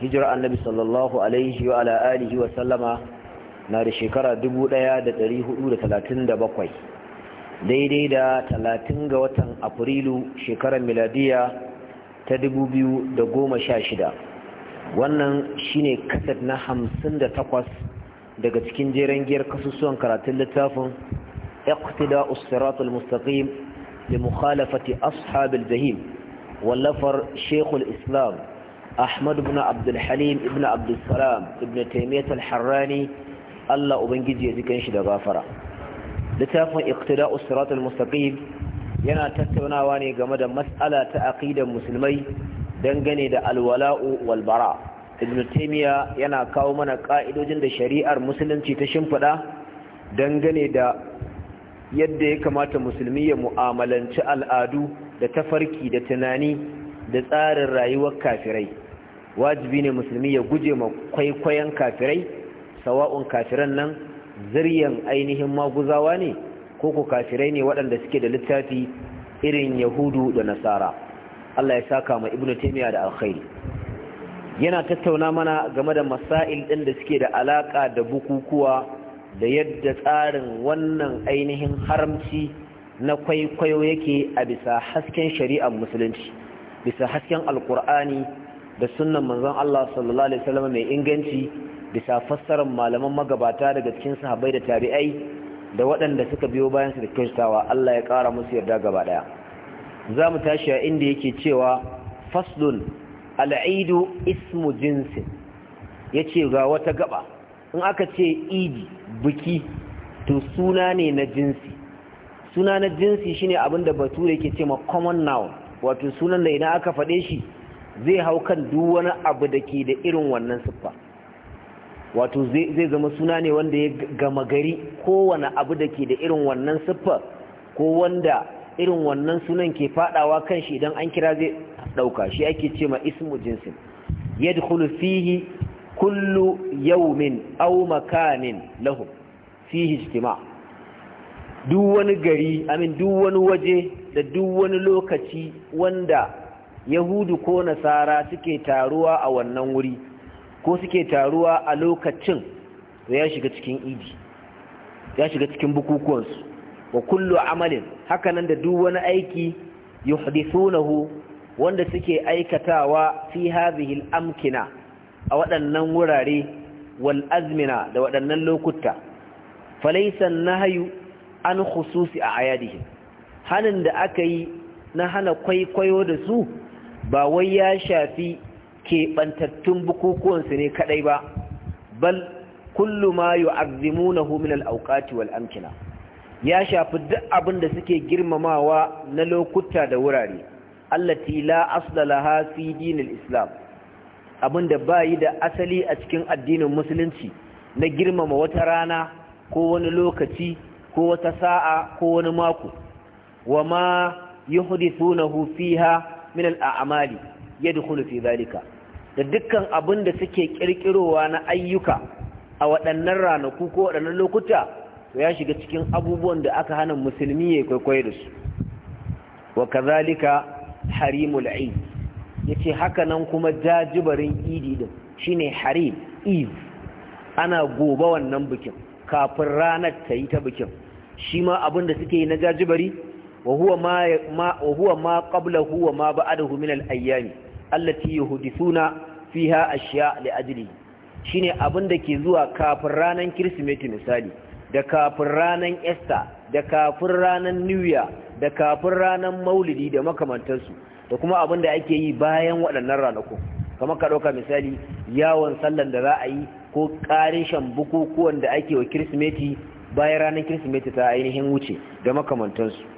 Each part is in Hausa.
hijira annabi sallallahu alaihi wa ala alihi wa sallama na da shekara 1437 daidai da 30 ga watan afrilu shekarar miladiya ta 2016 wannan shine kasat na 58 daga cikin jeren giyar kasusuwan karatun littafin Iqtida اقتداء الصراط المستقيم لمخالفة أصحاب الجحيم واللفر شيخ Islam. أحمد ibn عبد ibn ابن عبد السلام allah ubangiji ya الله أبنجي da شد littafin لتافن اقتداء الصراط المستقيم yana tattaunawa ne game da mas'ala ta aqidar musulmai dangane da alwala'u wal bara ibn taymiya yana kawo mana ka'idojin da shari'ar musulunci ta shimfida dangane da yadda ya kamata musulmi ya mu'amalanci al'adu da tafarki da tunani da tsarin rayuwar kafirai wajibi ne musulmi ya guje ma kwaikwayon kafirai sawa'un kafiran nan zuriyan ainihin maguzawa ne ko ku kafirai ne waɗanda suke da littafi irin yahudu da nasara Allah ya saka ma ibnu taymiya da alkhairi yana tattauna mana game da masail ɗin da suke da alaka da bukukuwa da yadda tsarin wannan ainihin haramci na kwaikwayo yake a bisa hasken shari'ar musulunci bisa hasken alkur'ani da sunan manzon Allah sallallahu alaihi wasallam mai inganci bisa fassarar malaman magabata daga cikin sahabbai da tabi'ai da waɗanda suka biyo bayan su da kyautawa Allah ya ƙara musu yarda gaba ɗaya za mu tashi a inda yake cewa faslun al'idu ismu jinsin ya ce ga wata gaba in aka ce idi Buki, to suna ne na jinsi suna na jinsi shine abinda bature yake ce ma common noun wato sunan da idan aka faɗe shi zai hau kan duk wani abu da ke da irin wannan siffa wato zai zama suna ne wanda ya gama gari kowane abu da ke da irin wannan siffa ko wanda irin wannan sunan ke fadawa kan shi idan an kira zai dauka shi ake ce ma ismu jinsin yadkhulu fihi kullu yawmin aw makanin lahu fihi ijtima duk wani gari amin duk wani waje da duk wani lokaci wanda yahudu ko nasara suke taruwa a wannan wuri ko suke taruwa a lokacin da ya shiga cikin idi ya shiga cikin bukukuwansu wa kullu amalin hakanan da duk wani aiki yuhdithunahu wanda suke aikatawa fi hadhihi al-amkina a waɗannan wurare wal azmina da waɗannan lokuta falaysa an-nahyu an khususi ayadihi hanin da aka yi na hana kwaikwayo da su ba wai ya shafi keɓantattun bukukuwansu ne kaɗai ba bal kullu ma yu'azzimunahu min al-awqati wal amkina ya shafi duk abin da suke girmamawa na lokuta da wurare allati la asla laha fi dinil islam abinda yi da asali a cikin addinin musulunci na girmama wata rana ko wani lokaci ko wata sa'a ko wani mako wa ma yuhdithunahu fiha min al'amali yadkhulu fi zalika da dukkan abin da suke kirkirowa na ayyuka a waɗannan ranaku ko waɗannan lokuta to ya shiga cikin abubuwan da aka hana musulmi ya kwaikwayo da su wa kazalika harimul eid yace haka nan kuma jajibarin idi din shine harim eid ana gobe wannan bikin kafin ranar ta yi ta bikin shi ma abin da suke yi na jajibari wa huwa ma qablahu wa ma ba'dahu min al-ayyam allati yuhdithuna fiha ashya li ajli shine abin da ke zuwa kafin ranan kirsimeti misali da kafin ranan Easter da kafin ranan New da kafin ranan Maulidi da makamantansu da kuma abin da ake yi bayan waɗannan ranaku kamar ka ɗauka misali yawon sallan da za a yi ko ƙarishan bukukuwan da ake wa kirsimeti bayan ranar kirsimeti ta ainihin wuce da makamantansu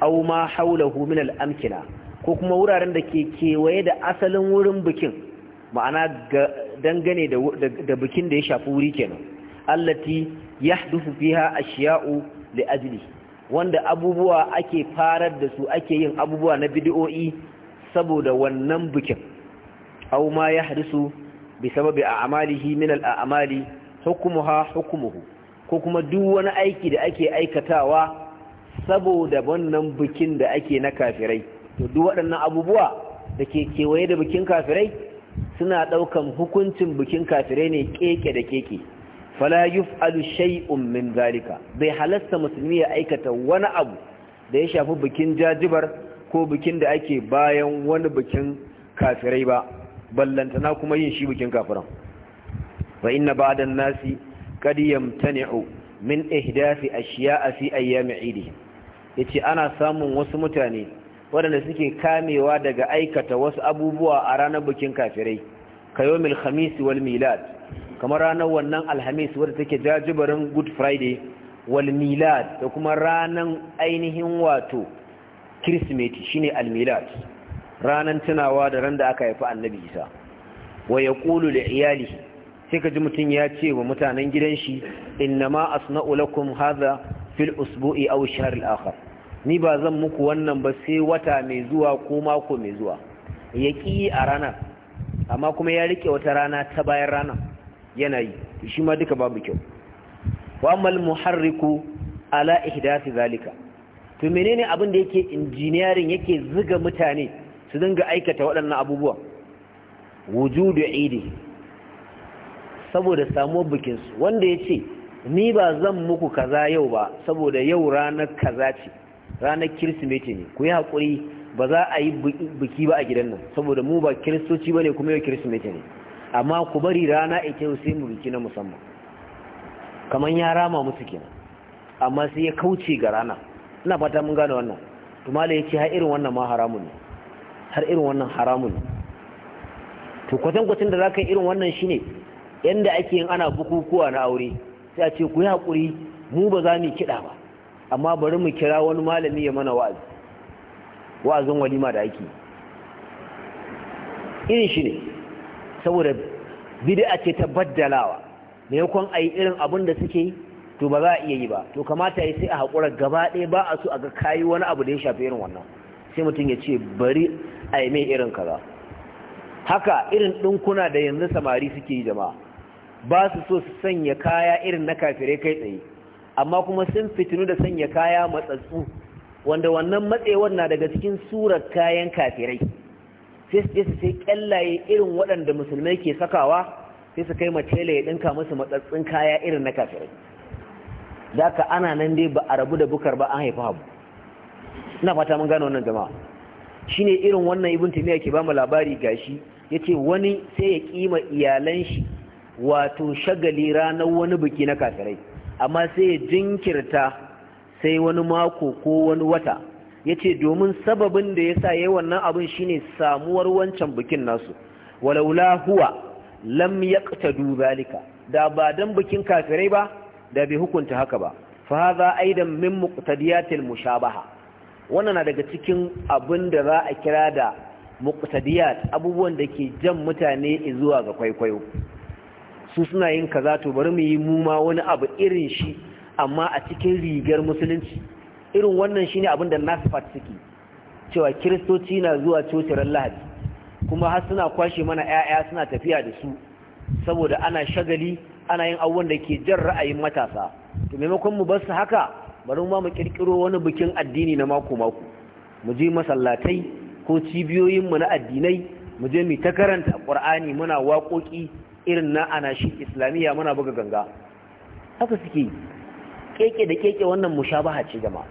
aw ma haulahu min al-amkina ko kuma wuraren da ke kewaye da asalin wurin bikin ma'ana dangane da bikin da ya shafi wuri kenan allati yahdufu fiha ashiya'u li ajli wanda abubuwa ake farar da su ake yin abubuwa na bid'o'i saboda wannan bikin aw ma su bi sababi a'malihi min al-a'mali hukmuha hukmuhu ko kuma duk wani aiki da ake aikatawa saboda wannan bikin da ake na kafirai to duk waɗannan abubuwa da ke kewaye da bikin kafirai suna ɗaukan hukuncin bikin kafirai ne keke da keke fala yuf'alu shay'un min zalika bai halasta musulmi ya aikata wani abu da ya shafi bikin jajibar ko bikin da ake bayan wani bikin kafirai ba ballantana kuma yin shi bikin kafiran fa inna ba'dan nasi qad yamtani'u min ihdathi ashiya'a fi ayyami 'idihim ya ce ana samun wasu mutane waɗanda suke kamewa daga aikata wasu abubuwa a ranar bikin kafirai kayomil khamis wal milad kamar ranar wannan alhamis wadda take jajibarin good friday wal milad da kuma ranar ainihin wato kirismeti shine al milad ranar tunawa da ran da aka haifi annabi isa wa ya ƙulu da iyali sai ka ji mutum ya ce wa mutanen gidan shi inna ma asna'u lakum hadha fil usbu'i aw shahr al-akhar ni ba zan muku wannan ba sai wata mai zuwa ko mako mai zuwa ya ƙi a ranar amma kuma ya rike wata rana ta bayan rana yana yi shi ma duka babu kyau wa mal muharriku ala ihdasi zalika to menene abin da yake injiniyarin yake zuga mutane su dinga aikata waɗannan abubuwa wujudu idi saboda samuwar bikinsu wanda ya ce ni ba zan muku kaza yau ba saboda yau ranar kaza ce ranar kirsimeti ne ku yi haƙuri ba za a yi biki ba a gidan nan saboda mu ba kiristoci ba ne kuma yau kirsimeti ne amma ku bari rana ita yau sai mu biki na musamman kamar ya rama musu kenan amma sai ya kauce ga rana ina fata mun gane wannan tumala ya ce har irin wannan ma haramun ne har irin wannan haramun ne to kwatan da za ka yi irin wannan shine yanda ake yin ana bukukuwa na aure sai a ce ku yi haƙuri mu ba za mu kiɗa ba amma bari mu kira wani malami ya mana wa'azi wa'azin walima da ake irin shi ne saboda bid'a ce ta baddalawa maimakon a yi irin abin da suke to ba za a iya yi ba to kamata ya sai a haƙura gaba ɗaya ba a so a ga kayi wani abu da ya shafi irin wannan sai mutum ya ce bari a yi mai irin kaza haka irin ɗinkuna da yanzu samari suke yi jama'a ba su so su sanya kaya irin na kafirai kai tsaye amma kuma sun fitinu da sanya kaya matsatsu wanda wannan matsewar na daga cikin surar kayan kafirai sai su je su sai kyallaye irin waɗanda musulmai ke sakawa sai su kai macele ya ɗinka musu matsatsun kaya irin na kafirai da ka ana nan dai ba a rabu da bukar ba an haifi habu ina fata mun gano wannan jama'a shine irin wannan ibn taymiya ke ba mu labari gashi yace wani sai ya kima iyalan shi wato shagali ranar wani biki na kafirai amma sai ya jinkirta sai wani mako ko wani wata ya ce domin sababin da ya sa ya yi wannan abin ne samuwar wancan bikin nasu walaula huwa lam ƙata dubalika da ba don bikin kafirai ba da bai hukunta haka ba fa yi da min muqtadiyatil mushabaha wannan na daga cikin abin da za a kira da muktadiyat abubuwan da ke jan mutane zuwa ga kwaikwayo su suna yin kaza to bari mu yi mu wani abu irin shi amma a cikin rigar musulunci irin wannan shine abin da nasifat suke cewa kiristoci na zuwa coci lahadi kuma har suna kwashe mana 'ya'ya suna tafiya da su saboda ana shagali ana yin abubuwan da ke jan ra'ayin matasa to maimakon mu bar su haka bari ma mu kirkiro wani bikin addini na mako mako mu je masallatai ko cibiyoyin mu na addinai mu je mu ta karanta qur'ani muna waƙoƙi irin na shi islamiyya muna buga ganga haka suke keke da keke wannan mushabaha ce jama'a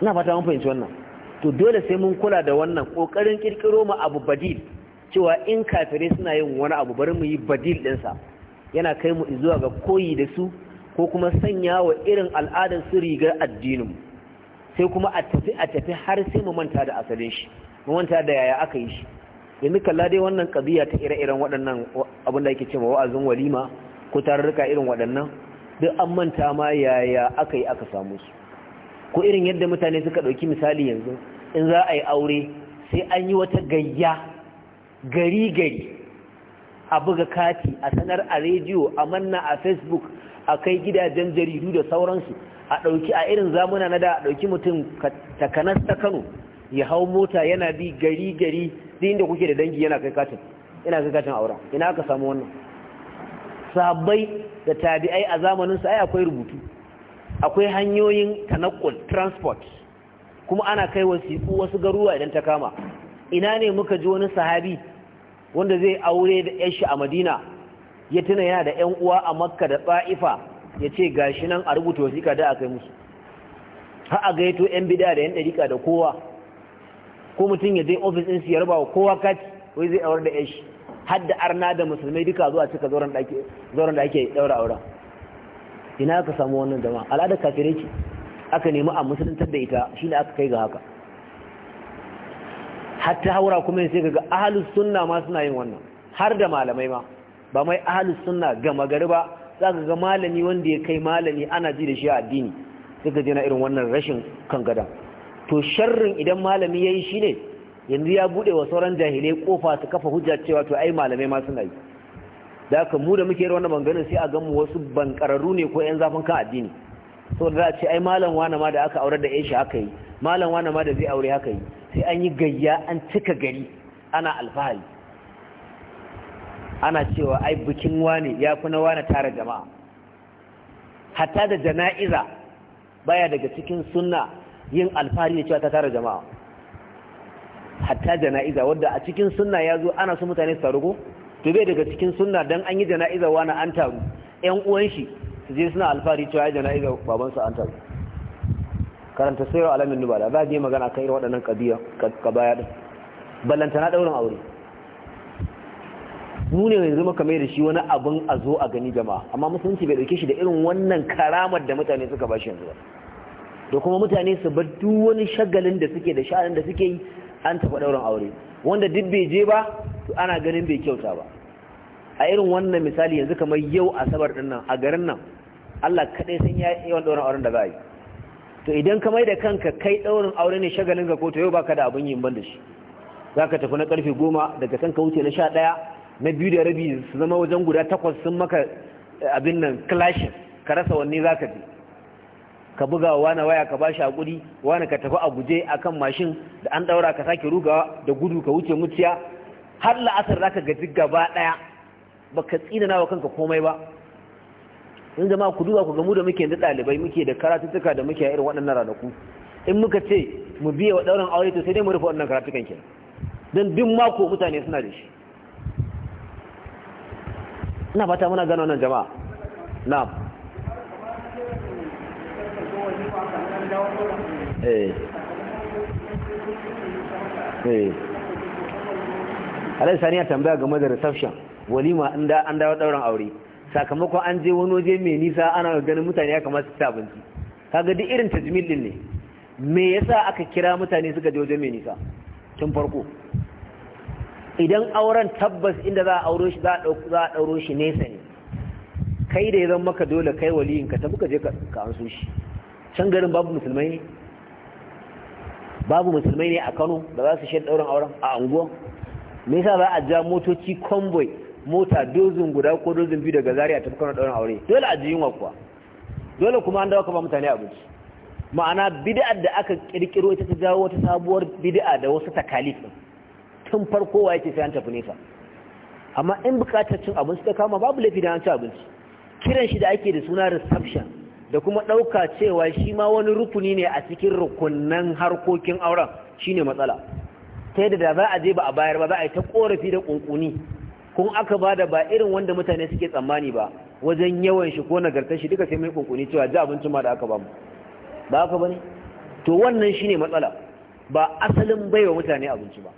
ina fata mun fahimci wannan to dole sai mun kula da wannan kokarin kirkiro mu abu badil cewa in kafirai suna yin wani abu bari mu yi badil sa yana kai mu zuwa ga koyi da su ko kuma sanya wa irin al'adar su rigar addinin sai kuma a tafi a tafi har sai mu manta da asalin shi mu manta da yaya aka yi shi yanzu kalla dai wannan kaziya ta ire-iren waɗannan abin da ake ce ma wa'azin walima ko tarurruka irin waɗannan duk an manta ma yaya aka yi aka samu su ko irin yadda mutane suka ɗauki misali yanzu in za a yi aure sai an yi wata gayya gari-gari a buga kati a sanar a rediyo a manna a facebook a kai gidajen jaridu da sauransu a ɗauki a irin zamuna na da a ɗauki mutum takanas ta kano ya hau mota yana bi gari gari duk inda kuke da dangi yana kai katin ina kai katin aura ina aka samu wannan sabai da tabi'ai a zamanin sa ai akwai rubutu akwai hanyoyin tanakkul transport kuma ana kai wasiƙu wasu garuwa idan ta kama ina ne muka ji wani sahabi wanda zai aure da shi a Madina ya tuna yana da ƴan uwa a Makka da Taifa ya ce gashi nan a rubuta wasiƙa da aka yi musu har a gaito 'yan bida da 'yan ɗarika da kowa ko mutum ya je ofis ɗinsu ya raba wa kowa kati wai zai aure da yashi har da arna da musulmai duka zuwa cika zauren da ake daura auren ina aka samu wannan zama al'adar kafirai ce aka nemi a musuluntar da ita shi ne aka kai ga haka hatta haura kuma sai ga ahalus sunna ma suna yin wannan har da malamai ma ba mai ahalus sunna gama gari ba za ka ga malami wanda ya kai malami ana ji da shi a addini suka je na irin wannan rashin kan gadan to sharrin idan malami yayi shine yanzu ya bude wa sauran jahilai kofa su kafa hujja cewa to ai malamai ma suna yi da haka mu da muke yi wannan bangaren sai a gan mu wasu bankararru ne ko yan zafin kan addini so da za a ce ai malam wani ma da aka aure da yashi haka yi malam wani ma da zai aure haka yi sai an yi gayya an cika gari ana alfahari ana cewa ai bikin wani ya fi na wani tara jama'a hatta da jana'iza baya daga cikin sunna yin alfahari da cewa ta tara jama'a hatta jana'iza wadda a cikin sunna ya zo ana su mutane su taru ko to bai daga cikin sunna dan an yi jana'iza wani an taru ƴan uwan shi su je suna alfahari cewa ya jana'iza baban su an taru karanta sayar alamin nubala ba a magana kan irin waɗannan kabiya ɗin. din na ɗaurin aure mu ne yanzu muka mai da shi wani abin a zo a gani jama'a amma musulunci bai dauke shi da irin wannan karamar da mutane suka bashi yanzu ba da kuma mutane su bar duk wani shagalin da suke da sha'anin da suke yi an tafi ɗaurin aure wanda duk bai je ba to ana ganin bai kyauta ba a irin wannan misali yanzu kamar yau asabar din nan a garin nan Allah kaɗai san ya yawan ɗaurin auren da za a yi to idan ka mai da kanka kai ɗaurin aure ne shagalin ka ko to yau baka da abin yin ban da shi za ka tafi na karfe goma daga kanka wuce na sha ɗaya na biyu da rabi su zama wajen guda takwas sun maka eh, abin nan clashes ka rasa wanne za ka bi ka buga wa wani waya ka bashi hakuri wani ka tafi a guje akan mashin da an daura ka sake rugawa da gudu ka wuce mutiya har la'asar zaka gaji gaba daya baka tsina wa kanka komai ba in jama'a ku duba ku ga mu da muke da dalibai muke da karatuttuka da muke a irin waɗannan ranaku in muka ce mu biya wa ɗaurin aure to sai dai mu rufe wannan karatukan kenan don duk mako mutane suna da shi ina fata muna gano nan jama'a na'am Eh. Eh. alai sani a tambaya game da reception walima inda an dawo dauran aure sakamakon an je wani waje mai nisa ana ganin mutane ya kamata su ci abinci kaga duk irin tajimin din ne me yasa aka kira mutane suka je waje mai nisa tun farko idan auren tabbas inda za a auro shi za a dauro shi nesa ne kai da ya zama maka dole kai waliyinka ta tafi ka je ka ansu shi can garin babu musulmai ne babu musulmai ne a kano da za su shi ɗaurin auren a unguwan me yasa za a ja motoci convoy mota dozin guda ko dozin biyu daga Zariya ta kano ɗaurin aure dole a ji yunwa kuwa dole kuma an dawo ba mutane abinci ma'ana bid'ar da aka ƙirƙiro ita ta jawo wata sabuwar bid'a da wasu takalif tun farko wa yake sai an tafi nesa amma in bukatar cin abinci ta kama babu laifi da an ci abinci kiran shi da ake da suna reception da kuma ɗauka cewa shi ma wani rukuni ne a cikin rukunan harkokin auren shine matsala ta yadda da za a je ba a bayar ba za a yi ta korafi da ƙunƙuni kun aka ba da ba irin wanda mutane suke tsammani ba wajen yawan shi ko nagartar shi duka sai mai ƙunƙuni cewa ji abincin ma da aka ba mu ba aka ba ne to wannan shine matsala ba asalin baiwa mutane abinci ba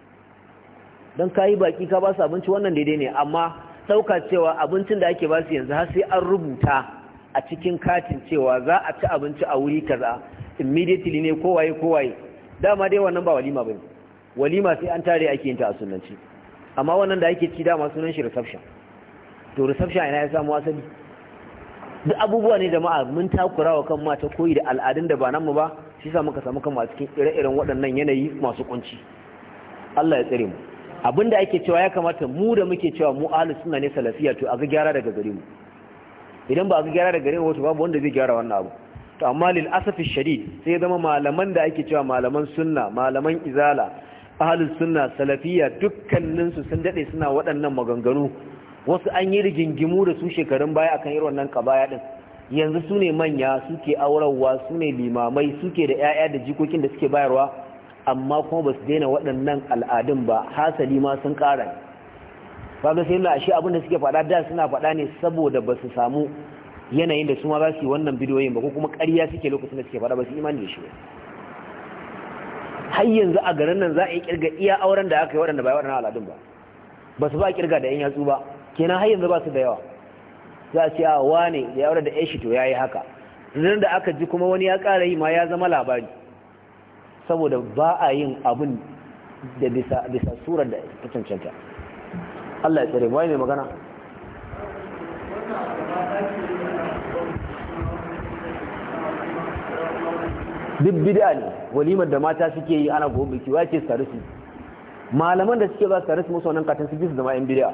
don ka yi baƙi ka ba su abinci wannan daidai ne amma ɗauka cewa abincin da ake ba su yanzu har sai an rubuta a cikin katin cewa za a ci abinci a wuri kaza immediately ne kowaye kowaye dama dai wannan ba walima bane walima sai an tare ake yin ta a sunnanci amma wannan da ake ci dama sunan shi reception to reception ina ya samu asali duk abubuwa ne jama'a mun takura wa kan mata koyi da al'adun da ba nan mu ba shi sa muka samu kanmu a cikin ire-iren waɗannan yanayi masu kunci Allah ya tsare mu abinda ake cewa ya kamata mu da muke cewa mu ahlus sunna ne salafiya to a ga gyara daga gare mu idan ba ga gyara da gare wasu babu wanda zai gyara wannan abu to amma lil asafi shadid sai ya zama malaman da ake cewa malaman sunna malaman izala ahlus sunna salafiyya dukkanin su sun dade suna waɗannan maganganu wasu an yi rigingimu da su shekarun baya akan irin wannan kabaya din yanzu su ne manya suke aurarwa su ne limamai suke da 'ya'ya da jikokin da suke bayarwa amma kuma ba su daina waɗannan al'adun ba hasali ma sun ƙara kaga sai Allah shi abinda suke faɗa da suna faɗa ne saboda ba su samu yanayin da su ma za su yi wannan bidiyoyin ba ko kuma ƙarya suke lokacin da suke faɗa ba su imani da shi ba har yanzu a garin nan za a yi kirga iya auren da aka yi waɗanda ba waɗannan al'adun ba ba su ba kirga da yan yatsu ba kenan har yanzu ba su da yawa za a ce a wane da ya aure da yashi to yayi haka zirin da aka ji kuma wani ya ƙara yi ma ya zama labari saboda ba a yin abin da bisa surar da ta cancanta Allah ya tsare wai mai magana duk bid'a ne walimar da mata suke yi ana gobe biki wai ce su, malaman da suke ba su musu wannan katin su fi su zama yan bid'a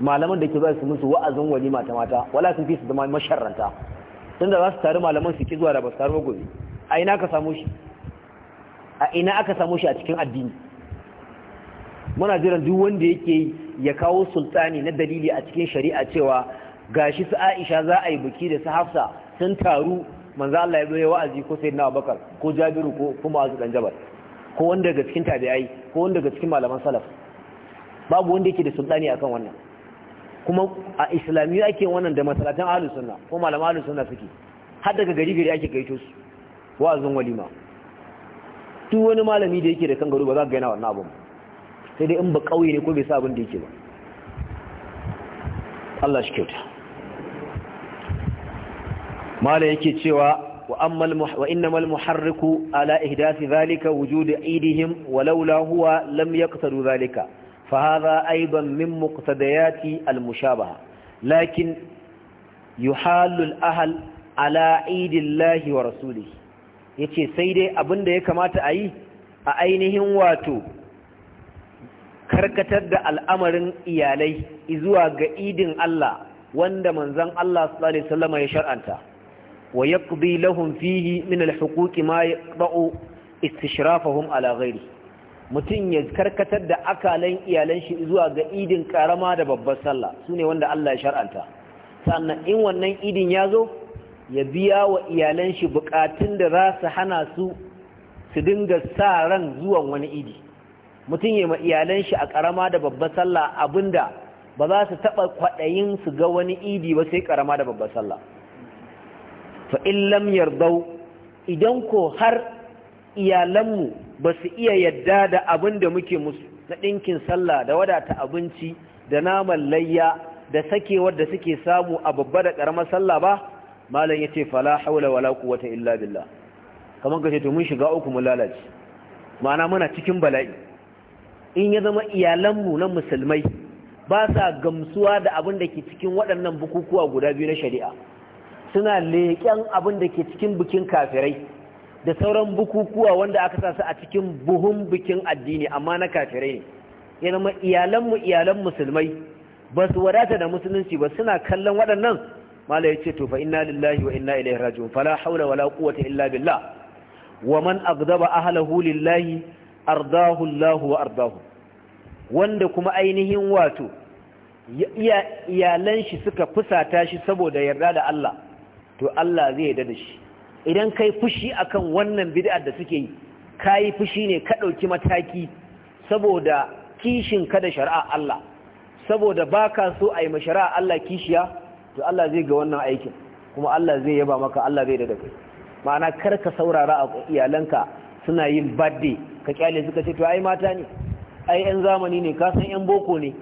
malaman da ke ba su musu wa'azin walima ta mata wala sun fi su zama masharranta da za su tare malaman su ki zuwa da ba su tare gobe a ina ka samu shi a ina aka samu shi a cikin addini muna jiran duk wanda yake yi ya kawo sultani na dalili a cikin shari'a cewa gashi su Aisha za a yi biki da su Hafsa sun taru manzo Allah ya zo ya wa'azi ko na Abubakar ko Jabiru ko kuma Azu dan Jabal ko wanda daga cikin tabi'ai ko wanda daga cikin malaman salaf babu wanda yake da sultani akan wannan kuma a islamiyya ake wannan da masalatan ahlus sunna ko malaman ahlus sunna suke har daga gari gari ake kaito su wa'azin walima duk wani malami da yake da kan gado ba za ka ga yana wannan abun ba sai dai in ba ƙauye ne ko bai sa abin da yake ba Allah shi kyauta mala yake cewa wa amma wa innamal muharriku ala ihdasi zalika wujud idihim walaula huwa lam yaqtadu zalika fa hadha aidan min muqtadayati al mushabaha lakin yuhalu al ahl ala idillahi wa rasulihi yace sai dai da ya kamata a yi a ainihin wato karkatar da al'amarin iyalai izuwa ga idin Allah wanda manzan Allah sallallahu alaihi wasallam ya shar'anta wa yaqdi lahum fihi min al ma yaqda'u istishrafahum ala ghairi mutun ya karkatar da akalan iyalan shi zuwa ga idin karama da babbar sallah sune wanda Allah ya shar'anta sannan in wannan idin ya zo ya biya wa iyalan shi bukatun da za su hana su su dinga sa ran zuwan wani idi mutum ya ma iyalan shi a karama da babbar sallah abinda ba za su taba kwadayin su ga wani idi ba sai karama da babbar sallah fa in lam yardau idan ko har iyalanmu ba su iya yadda da abinda muke musu na ɗinkin sallah da wadata abinci da naman layya da sakewar da suke samu a babba da karama sallah ba malam ya ce fala haula wala quwwata illa billah kamar ka to mun shiga uku mun lalace ma'ana muna cikin bala'i in ya zama iyalanmu na musulmai ba sa gamsuwa da abin da ke cikin waɗannan bukukuwa guda biyu na shari'a suna leƙen abin da ke cikin bikin kafirai da sauran bukukuwa wanda aka sa su a cikin buhun bikin addini amma na kafirai ne ya zama iyalanmu iyalan musulmai ba su wadata da musulunci ba suna kallon waɗannan mala ya ce to fa inna lillahi wa inna ilaihi raji'un fala wala quwwata illa billah wa man aghdaba ahlahu lillahi ardahu Allah wa ardahu wanda kuma ainihin wato iyalan shi suka fusata shi saboda yarda da Allah to Allah zai yarda da shi idan kai fushi akan wannan bid'ar da suke yi kai fushi ne ka dauki mataki saboda kishin ka da shari'a Allah saboda baka so a yi shari'a Allah kishiya to Allah zai ga wannan aikin kuma Allah zai yaba maka Allah zai yarda da kai ma'ana kar ka saurara a iyalanka suna yin birthday ka kyale suka ce to ai mata ne ai yan zamani ne ka san yan boko ne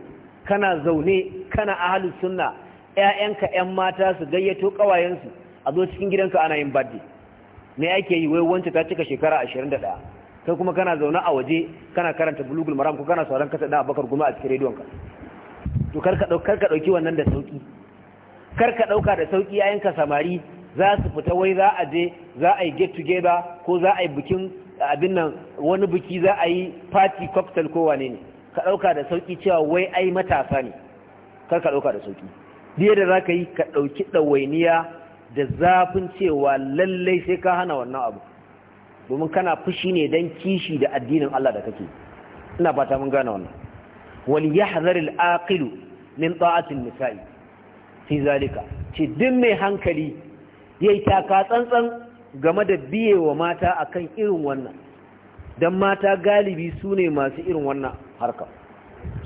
kana zaune kana ahlus sunna ƴaƴanka yan mata su gayyato kawayensu a zo cikin gidanka ana yin birthday me ake yi wai wanda ta cika shekara 21 kai kuma kana zaune a waje kana karanta bulugul maram ko kana sauran kasa da abakar goma a cikin rediyon ka to kar ka dauka ka dauki wannan da sauki kar ka dauka da sauki ƴaƴanka samari za su fita wai za a je za a yi get together ko za a yi bikin abin nan wani biki za a yi party cocktail ko wane ne ka ɗauka da sauƙi cewa wai ai matasa ne kar ka ɗauka da sauƙi biye da za ka yi ka ɗauki ɗawainiya da zafin cewa lallai sai ka hana wannan abu domin kana fushi ne don kishi da addinin Allah da kake ina fata mun gane wannan wal yahzar al aqilu min ta'atin nisa'i fi zalika ce duk mai hankali yayi taka tsantsan game da biye wa mata akan irin wannan don mata galibi su ne masu irin wannan harkar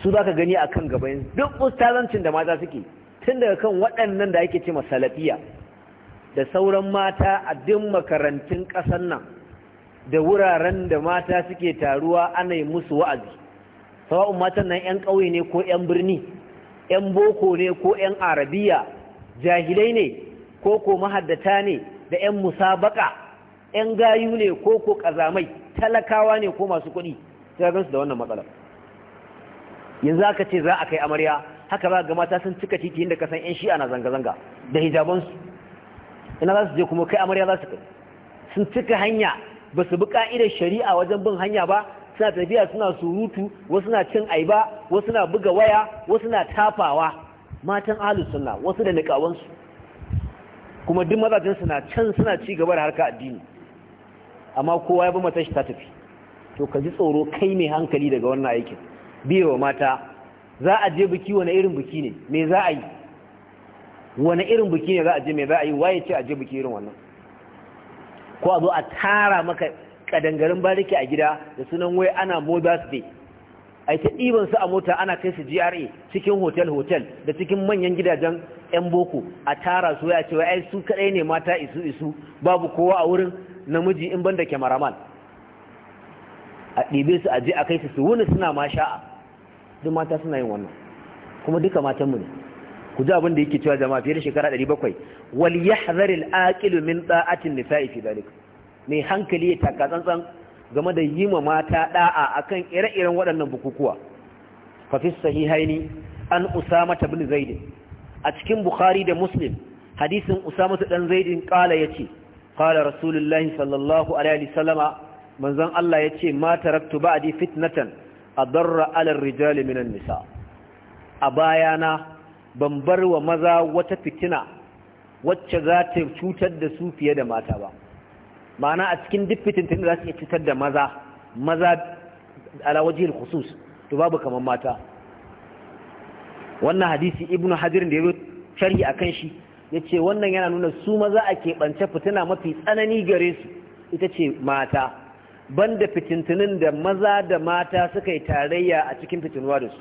su za ka gani a kan gabayin duk ustazancin da mata suke tun daga kan waɗannan da ake ce masalafiya da sauran mata a duk makarantun ƙasar nan da wuraren da mata suke taruwa ana yi musu wa'azi sawa'un matan nan 'yan ƙauye ne ko 'yan birni 'yan boko ne ko 'yan arabiya jahilai ne ko ko mahaddata ne da 'yan musabaka 'yan gayu ne ko ko ƙazamai talakawa ne ko masu kuɗi sai su da wannan matsalar yanzu aka ce za a kai amarya haka za ga mata sun cika titi inda kasan 'yan shi'a na zanga-zanga da hijabansu ina za su je kuma kai amarya za su kai sun cika hanya ba su bi ka'idar shari'a wajen bin hanya ba suna tafiya suna surutu wasu na cin aiba wasu na buga waya wasu na tafawa matan ahlus sunna wasu da niƙawansu kuma duk mazajen suna can suna ci gaba da harka addini amma kowa ya bi mata shi ta tafi to ka ji tsoro kai mai hankali daga wannan aikin biyo mata za a je biki wani irin biki ne me za a yi wani irin biki ne za a je me za a yi waye ce a je biki irin wannan ko a zo a tara maka kadangarin bariki a gida da sunan wai ana mothers day yi ta ɗiban su a mota ana kai su GRA cikin hotel hotel da cikin manyan gidajen yan boko a tara su ya cewa ai su kadai ne mata isu isu babu kowa a wurin namiji in banda kyamaraman a ɗibe su a je a kai su su wuni suna ma sha'a duk mata suna yin wannan kuma duka matanmu ne ku ji abin da yake cewa jama'a fiye da shekara 700 wal yahzaril aqilu min da'atin nisa'i fi dalik mai hankali ya taka tsantsan game da yi ma mata da'a kan ire-iren waɗannan bukukuwa fafis sahihaini an usama bin zaidin. a cikin bukhari da muslim hadisin usama zaidin ƙala kala yace ƙala. rasulullahi sallallahu alaihi salama manzon Allah ya ce ma taraktu di fitnatan a ala alar rijali minan nisa a bayana ban bar wa maza wata fitina wacce za ta cutar da su fiye da mata ba ma'ana a cikin duk fitintun da za su iya cutar da maza maza ala khusus to babu kamar mata wannan hadisi Ibn hajar da ya sharhi kan shi ya ce wannan yana nuna su maza a keɓance fitina mafi tsanani gare su ita ce mata banda fitintunin da maza da mata suka yi tarayya a cikin fitinuwa da su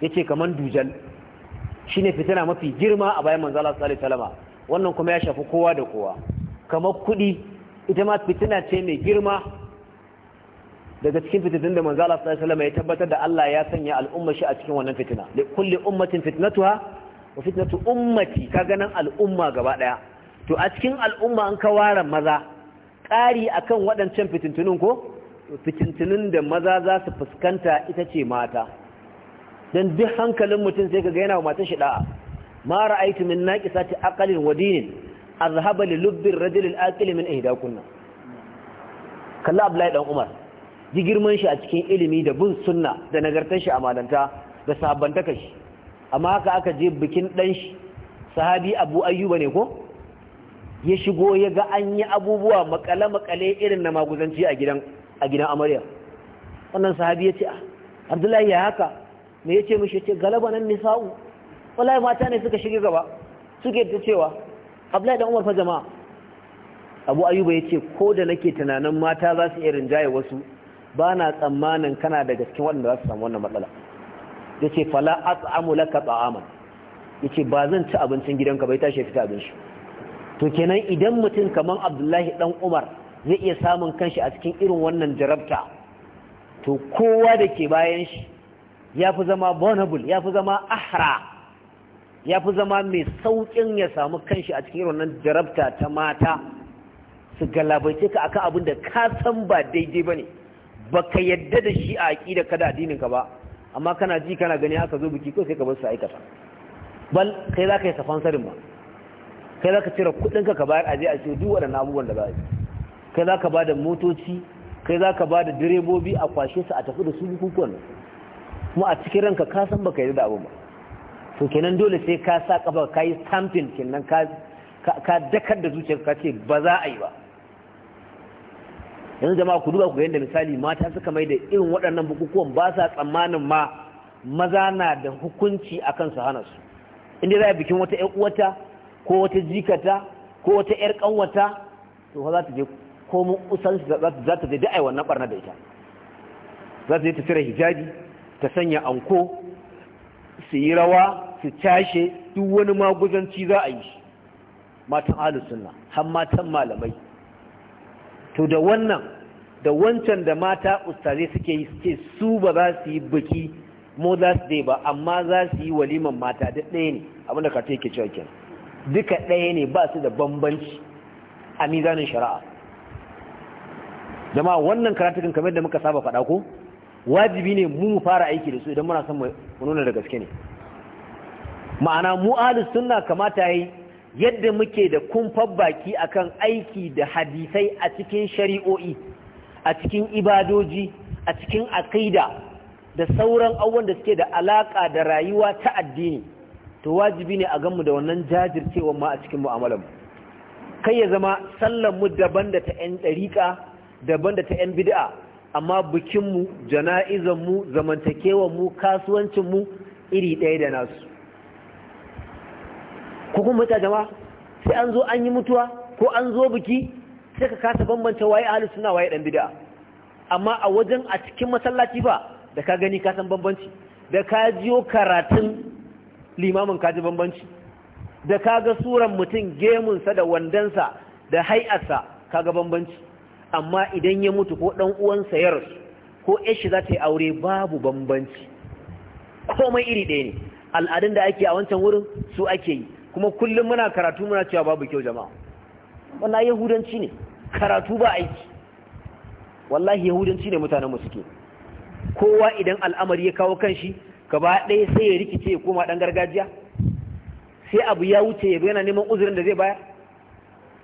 ya yace kaman dujal ne fitina mafi girma a bayan Manzala Allah sallallahu wannan kuma ya shafi kowa da kowa kamar kuɗi ita ma fitina ce mai girma daga cikin fitinin da manzala sallallahu alaihi wasallam ya tabbatar da Allah ya sanya al'umma shi a cikin wannan fitina li kulli ummatin fitnatuha wa fitnatu ummati kaga nan al'umma gaba daya to a cikin al'umma an kawara maza ƙari akan waɗancan fitintunin ko fitintunin da maza za su fuskanta ita ce mata dan duk hankalin mutum sai kaga yana wa matar shi da'a ma ra'aytu min naqisati aqalin wa dinin azhaba li lubbir al aqil min ihdakunna kalla abdullahi dan umar ji girman shi a cikin ilimi da bin sunna da nagartar shi a malanta da sabantaka shi amma haka aka je bikin dan shi sahabi abu ayyuba ne ko ya shigo ya ga an yi abubuwa makale-makale irin na maguzanci a gidan a gidan amarya wannan sahabi ya ce a abdullahi ya haka me ya ce mishi ce galaba nan nisa'u wallahi mata ne suka shige gaba suke ta cewa abdullahi da umar fa jama'a abu ayuba yace ko da nake tunanin mata za su iya jaye wasu ba na tsammanin kana da gaskin waɗanda za su samu wannan matsala yace fala at'amu laka ta'aman yace ba zan ci abincin gidanka bai tashi fita abin to kenan idan mutum kamar abdullahi dan umar zai iya samun kanshi a cikin irin wannan jarabta to kowa da ke bayan shi ya fi zama vulnerable ya fi zama ahra ya fi zama mai sauƙin ya samu kanshi a cikin wannan jarabta ta mata su galabaice ka akan abin da ka san ba daidai ba ne ba ka yadda da shi a aƙi da kada ba amma kana ji kana gani aka zo biki ko sai ka bar su aikata bal kai za ka yi safan sarin ba kai za ka cire kuɗin ka bayar a je a ciwo duk waɗannan abubuwan da za a kai za ka ba da motoci kai za ka ba da direbobi a kwashe su a tafi da su bukukuwan kuma a cikin ranka ka san ba ka yadda da abin ba to kenan dole sai ka sa kafa ka yi stamping kenan ka dakar da zuciyar ka ce ba za a yi ba yanzu jama'a ku duba ku ga yadda misali mata suka mai da irin waɗannan bukukuwan ba sa tsammanin ma maza na da hukunci a kan su hana su inda za a bikin wata ƴar uwata ko wata jikata ko wata ƴar ƙanwata, to za ta je usan za ta je da ai wannan barna da ita za ta je ta cire hijabi ta sanya anko su yi rawa su tashe duk wani maguzanci za a yi shi matan ahlus har matan malamai to da wannan da wancan da mata ustazai suke yi suke su ba za su yi biki mothers dai ba amma za su yi waliman mata duk ɗaya ne abinda ka teke cikin duka ɗaya ne ba su da bambanci a mizanin shari'a jama'a wannan karatukan kamar da muka saba faɗa ko wajibi ne mu fara aiki da su idan muna son mu nuna da gaske ne ma'ana mu ahlus sunna kamata yayi yadda muke da kumfar baki akan aiki da hadisai a cikin shari'o'i a cikin ibadoji a cikin aqida da sauran abubuwan da suke da alaka da rayuwa ta addini to wajibi ne a ganmu da wannan jajircewa ma a cikin mu'amalar kai ya zama sallar mu daban da ta yan dariƙa daban da ta yan bid'a amma bikin mu jana'izan mu zamantakewan mu kasuwancin mu iri ɗaya da nasu ko kuma ta jama'a sai an zo an yi mutuwa ko an zo biki sai ka kasa bambanta waye ahlus sunna waye dan bid'a amma a wajen a cikin masallaci fa da ka gani ka san bambanci da ka jiyo karatun limamin ka ji bambanci da ka ga suran mutum sa da wandansa da hai'arsa ka ga bambanci amma idan ya mutu ko ɗan uwansa ya rasu ko yashi za ta yi aure babu bambanci komai iri ɗaya ne al'adun da ake a wancan wurin su ake yi kuma kullum muna karatu muna cewa babu kyau jama'a wallahi yahudanci ne karatu ba aiki wallahi yahudanci ne mutanen suke kowa idan al'amari ya kawo kanshi gaba ɗaya sai ya rikice ya koma ɗan gargajiya sai abu ya wuce ya yana neman uzurin da zai bayar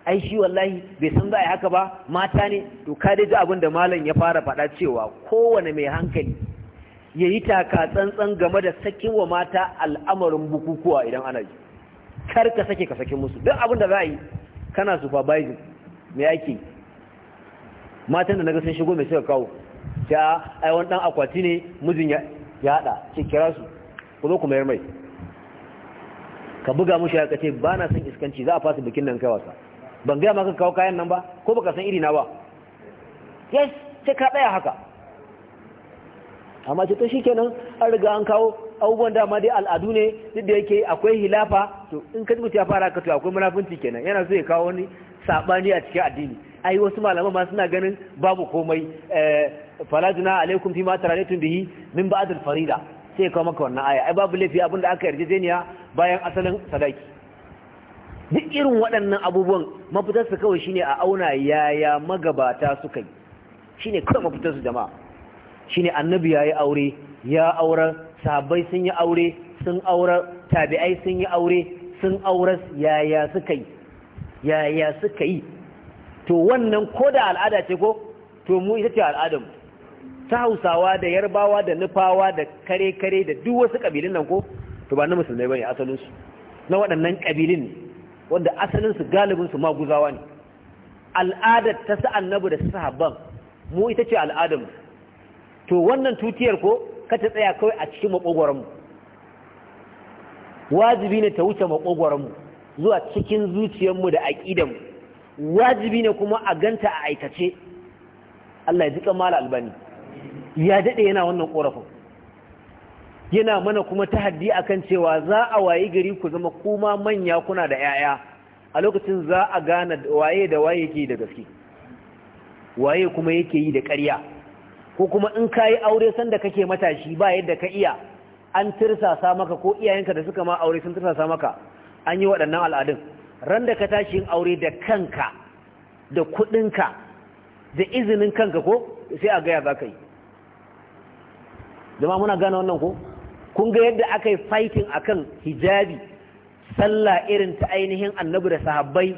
ai shi wallahi bai san za a yi haka ba mata ne to ka dai ji abin da malam ya fara faɗa cewa kowane mai hankali ya yi taka tsantsan game da sakin wa mata al'amarin bukukuwa idan ana yi kar ka sake ka sake musu duk abin da za a yi kana supervising me ake matan da naga sun shigo mai suka kawo ta ai dan akwati ne mijin ya ya hada ce kira su ku zo ku mayar mai ka buga mushi ka ce ba na son iskanci za a fasa bikin nan kai wasa ban gaya maka kawo kayan nan ba ko baka san iri na ba yes sai ka tsaya haka amma ce to shikenan an riga an kawo abubuwan dama dai al'adu ne duk da yake akwai hilafa to in ka ya fara ka to akwai munafunci kenan yana so ya kawo wani sabani a cikin addini ai wasu malaman ma suna ganin babu komai eh, falajina alaikum fi ma bihi min ba'd al-farida sai kawo maka wannan aya ai babu laifi abin da aka yarjejeniya bayan asalin sadaki duk irin waɗannan abubuwan mafitar su kawai shine a auna yaya magabata suka yi shine kawai mafitar su jama'a shine annabi yayi aure ya aurar sahabbai sun yi aure sun aurar tabi'ai sun yi aure sun aurar yaya suka yi yaya suka yi to wannan ko da al'ada ce ko to mu ita ce al'adar mu ta Hausawa da Yarbawa da Nufawa da kare-kare da duk wasu kabilun nan ko to ba na musulmai bane asalin su na waɗannan kabilin ne wanda asalin su galibin su maguzawa ne al'adar ta sa annabi da sahabban mu ita ce al'adar mu to wannan tutiyar ko ka ta tsaya kawai a cikin maƙogwaronmu wajibi ne ta wuce maƙogwaronmu zuwa cikin zuciyarmu da aƙidanmu wajibi ne kuma a ganta a aikace Allah ya ji kamala albani ya daɗe yana wannan ƙorafin yana mana kuma ta tahaddi kan cewa za a wayi gari ku zama kuma manya kuna da 'ya'ya a lokacin za a gane waye da waye yake da gaske waye kuma yake yi da ƙarya ko kuma in ka yi aure sanda kake matashi ba yadda ka iya an tirsasa maka ko iyayenka da suka ma aure sun tirsasa maka an yi waɗannan al'adun ran da ka tashi yin aure da kanka da kuɗinka da izinin kanka ko sai a gaya za ka yi zama muna gane wannan ko kun ga yadda aka yi a kan hijabi sallah irin ta ainihin annabi da sahabbai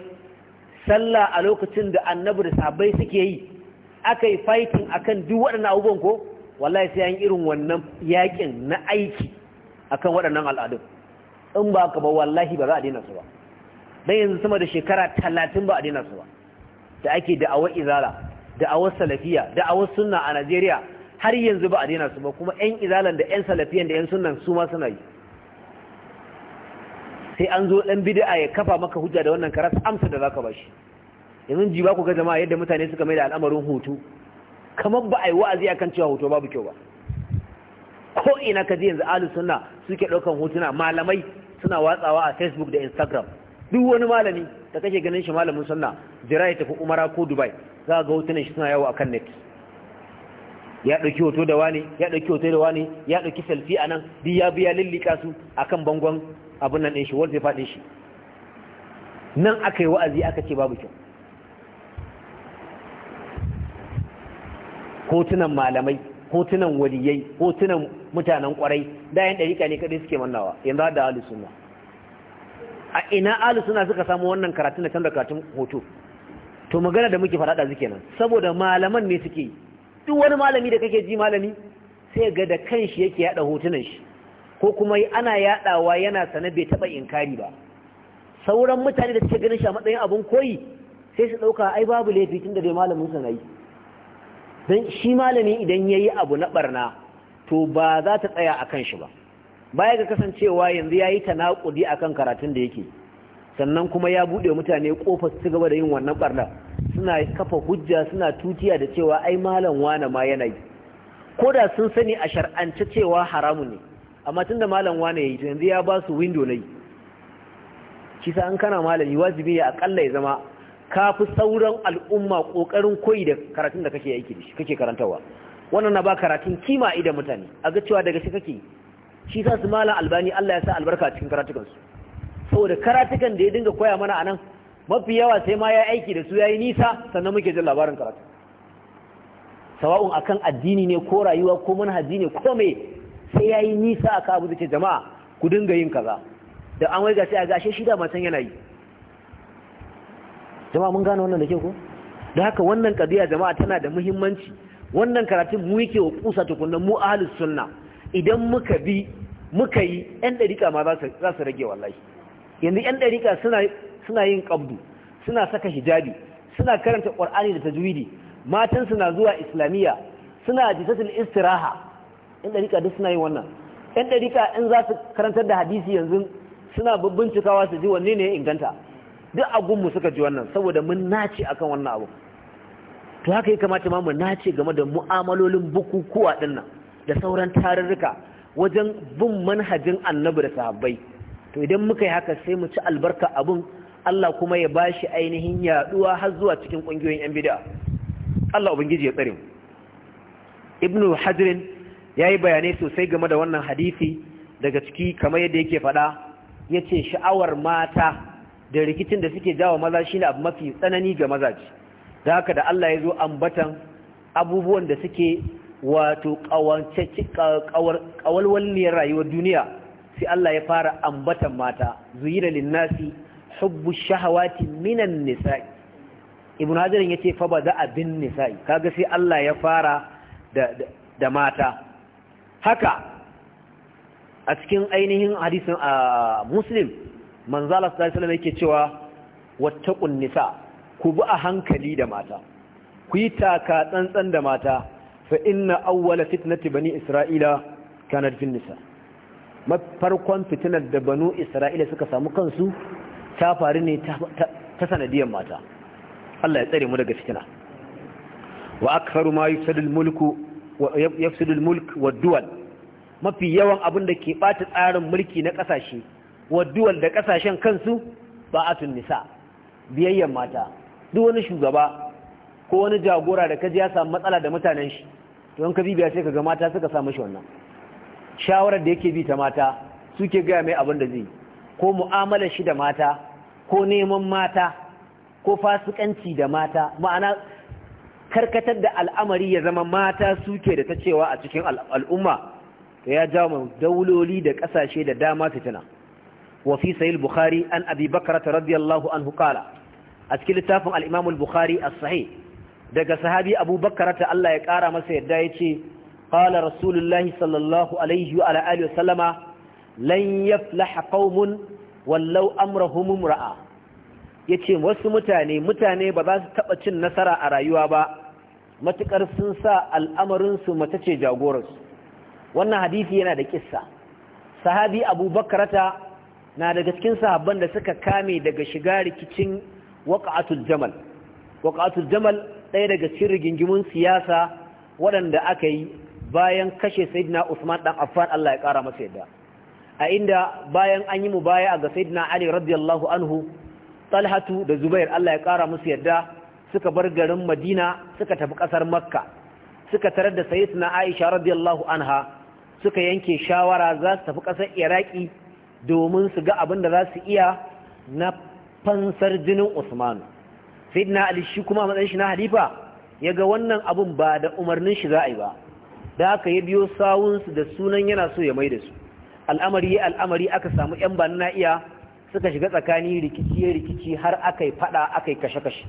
sallah a lokacin da annabi da sahabbai suke yi aka yi fighting akan duk waɗannan abubuwan ko wallahi sai an irin wannan yakin na aiki akan waɗannan al'adun in ba ka ba wallahi ba za a daina su ba dan yanzu sama da shekara talatin ba a daina su ba da ake da'awar izala da'awar salafiya da'awar sunna a Najeriya har yanzu ba a daina su ba kuma ƴan izalan da ƴan salafiyan da ƴan sunnan su ma suna yi sai an zo ɗan bid'a ya kafa maka hujja da wannan karas amsa da zaka bashi yanzu ji ba ku ga jama'a yadda mutane suka mai da al'amarin hutu kamar ba a yi wa'azi akan cewa hoto babu kyau ba ko ina ka ji yanzu alu suna suke ɗaukan hotuna malamai suna watsawa a facebook da instagram duk wani malami da kake ganin shi malamin sunna jira ya tafi umara ko dubai za ga hotunan shi suna yawo a kan net ya ɗauki hoto da wani ya ɗauki hoto da wani ya ɗauki selfie a nan duk ya biya lillika su akan bangon abin nan ɗin shi wanda faɗin shi nan aka yi wa'azi aka ce babu kyau hotunan malamai hotunan waliyai hotunan mutanen kwarai da yan dariƙa ne kadai suke mannawa yanzu da ahli sunna a ina ahli sunna suka samu wannan karatun da canza karatun hoto to magana da muke da suke nan saboda malaman ne suke duk wani malami da kake ji malami sai ga da kanshi yake yada hotunan shi ko kuma ana yadawa yana sane bai taba inkari ba sauran mutane da suke ganin shi a matsayin abun koyi sai su dauka ai babu laifi tun da dai malamin sa nayi don shi malami idan ya yi abu na barna to ba za ta tsaya a kan shi ba baya ga kasancewa yanzu ya yi ta naƙudi a kan karatun da yake sannan kuma ya buɗe mutane ƙofar su gaba da yin wannan barna suna kafa hujja suna tutiya da cewa ai malam wane ma yana yi ko da sun sani a shar'ance cewa haramu ne amma tunda malam wane ya yi yanzu ya ba su windo na yi kisa an kana malami wajibi ne akalla ya zama ka fi sauran al'umma ƙoƙarin koyi da karatun da kake aiki da kake karantawa wannan na ba karatun kima idan mutane a ga cewa daga shi kake shi sa su malam albani Allah ya sa albarka cikin karatukansu saboda karatukan da ya dinga koya mana a nan mafi yawa sai ma ya aiki da su ya yi nisa sannan muke jin labarin karatu sawa'un akan addini ne ko rayuwa ko manhaji ne ko me sai ya yi nisa akan abu da ke jama'a ku dinga yin kaza da an waiga sai a gashe shi da matan yana yi jama'a mun gane wannan da ke ko da haka wannan kadiya jama'a tana da muhimmanci wannan karatun mu yake wa kusa tukunna mu a ahlus sunna idan muka bi muka yi yan ɗariƙa ma za su rage wallahi yanzu yan ɗariƙa suna yin ƙabdu, suna saka hijabi suna karanta ƙur'ani da tajwidi matan suna zuwa islamiyya suna jisatul istiraha yan ɗariƙa duk suna yin wannan yan ɗariƙa in za su karantar da hadisi yanzu suna bincikawa su ji wanne ne ya inganta duk agunmu suka ji wannan saboda mun nace akan wannan abu to haka ya kamata ma mu nace game da mu'amalolin bukukuwa nan da sauran tarurruka wajen bin manhajin annabi da sahabbai to idan muka yi haka sai mu ci albarka abun Allah kuma ya bashi ainihin yaduwa har zuwa cikin kungiyoyin yan bid'a Allah ubangiji ya tsare mu ibnu ya yi bayanai sosai game da wannan hadisi daga ciki kamar yadda yake faɗa yace sha'awar mata da rikicin da suke jawo maza shine abu mafi tsanani ga mazaji da haka da Allah ya zo ambatan abubuwan da suke wato ƙawalwalliyar rayuwar duniya sai Allah ya fara ambatan mata zuyira linnasi hubbu shahawati minan nisa'i ibn ya ce fa a bin nisa'i kaga sai Allah ya fara da da mata haka a cikin ainihin hadisin a muslim manzala sallallahu alaihi yake cewa wattaqun nisa ku bi a hankali da mata ku yi taka tsantsan da mata fa inna awwala fitnati bani isra'ila kanat fin nisa farkon fitinar da banu isra'ila suka samu kansu ta faru ne ta sanadiyar mata Allah ya tsare mu daga fitina wa akfaru ma yufsidu mulku wa mulk wa duwal mafi yawan abin da ke bata tsarin mulki na kasashe wadduwal da kasashen kansu ba a nisa biyayyen mata duk wani shugaba ko wani jagora da kaji ya samu matsala da mutanen shi to an ka bibiya sai kaga mata suka samu shi wannan shawarar da yake bi ta mata suke gaya mai abin da zai ko mu'amalar shi da mata ko neman mata ko fasikanci da mata ma'ana karkatar da al'amari ya zama mata suke da ta cewa a cikin al'umma ya jawo dauloli da ƙasashe da dama fitina وفي سيل البخاري أن أبي بكرة رضي الله عنه قال أتكلم تافن الإمام البخاري daga sahabi abubakar Allah ya kara masa yadda ya ce ƙala rasulullahi sallallahu alaihi wa ala'ali wa sallama lan ya flaha ƙaumun wallau amrahumun ra'a ya wasu mutane mutane ba za su taɓa cin nasara a rayuwa ba Matukar sun sa al'amarinsu mace ce jagoransu wannan hadisi yana da kissa sahabi abubakar na daga cikin sahabban da suka kame daga shiga rikicin waqa'atul jamal jamal ɗaya daga cikin rigingimun siyasa waɗanda aka yi bayan kashe sayyidina Usman dan Affan Allah ya kara masa yadda a inda bayan an yi a ga sayyidina Ali radiyallahu anhu Talhatu da Zubair Allah ya kara musu yadda suka bar garin Madina suka tafi kasar Makka suka tarar da sayyidina Aisha radiyallahu anha suka yanke shawara za su tafi kasar Iraki domin su ga abin da za su iya na fansar jinin Usmanu Fidna Ali shi kuma matsayin shi na halifa ya ga wannan abun ba da umarnin shi za a yi ba da aka ya biyo sawunsu da sunan yana so ya mai da su al'amari ya al'amari aka samu yan ba na iya suka shiga tsakani rikici ya rikici har aka yi fada aka yi kashe-kashe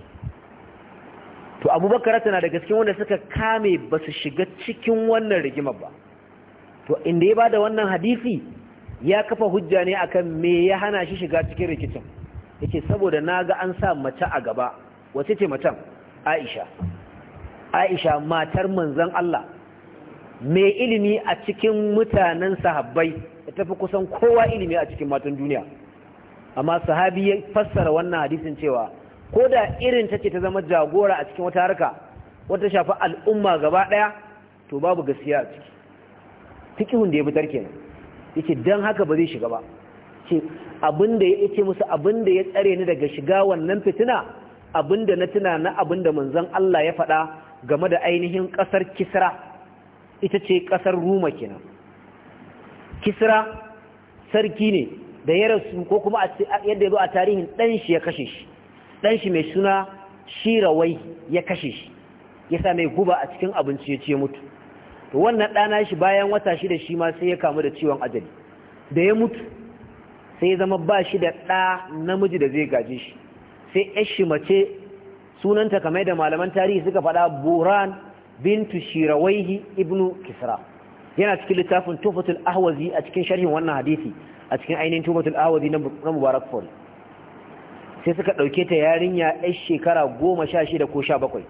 to abubakar tana daga cikin wanda suka kame ba su shiga cikin wannan rigimar ba to inda ya ba da wannan hadisi ya kafa hujja ne akan me ya hana shi shiga cikin rikicin yake saboda naga an sa mace a gaba wace ce matan Aisha Aisha matar manzon Allah me ilimi a cikin mutanen sahabbai ta fi kusan kowa ilimi a cikin matan duniya amma sahabi ya fassara wannan hadisin cewa ko da irin ta ta zama jagora a cikin wata harka wata shafi al'umma gaba ɗaya to babu gaskiya a ciki fikihun da ya fitar kenan yake dan haka ba zai shiga ba ce abinda ya yace musu abinda ya tsare ni daga shiga wannan fitina abinda na tuna na abinda manzon Allah ya faɗa game da ainihin ƙasar Kisra ita ce ƙasar Roma kenan Kisra sarki ne da ya rasu ko kuma yadda ya zo a tarihin ɗan shi ya kashe shi ɗan shi mai suna shirawai ya kashe shi ya sa mai guba a cikin abinci ya ce mutu to wannan ɗana shi bayan wata shida shi ma sai ya kamu da ciwon ajali da ya mutu sai ya zama ba shi da ɗa namiji da zai gaji shi sai shi mace sunanta kamar da malaman tarihi suka faɗa buran bintu shirawaihi ibnu kisra yana cikin littafin tufatul ahwazi a cikin sharhin wannan hadisi a cikin ainihin tufatul ahwazi na mubarak fol sai suka ɗauke ta yarinya yar shekara goma sha shida ko sha bakwai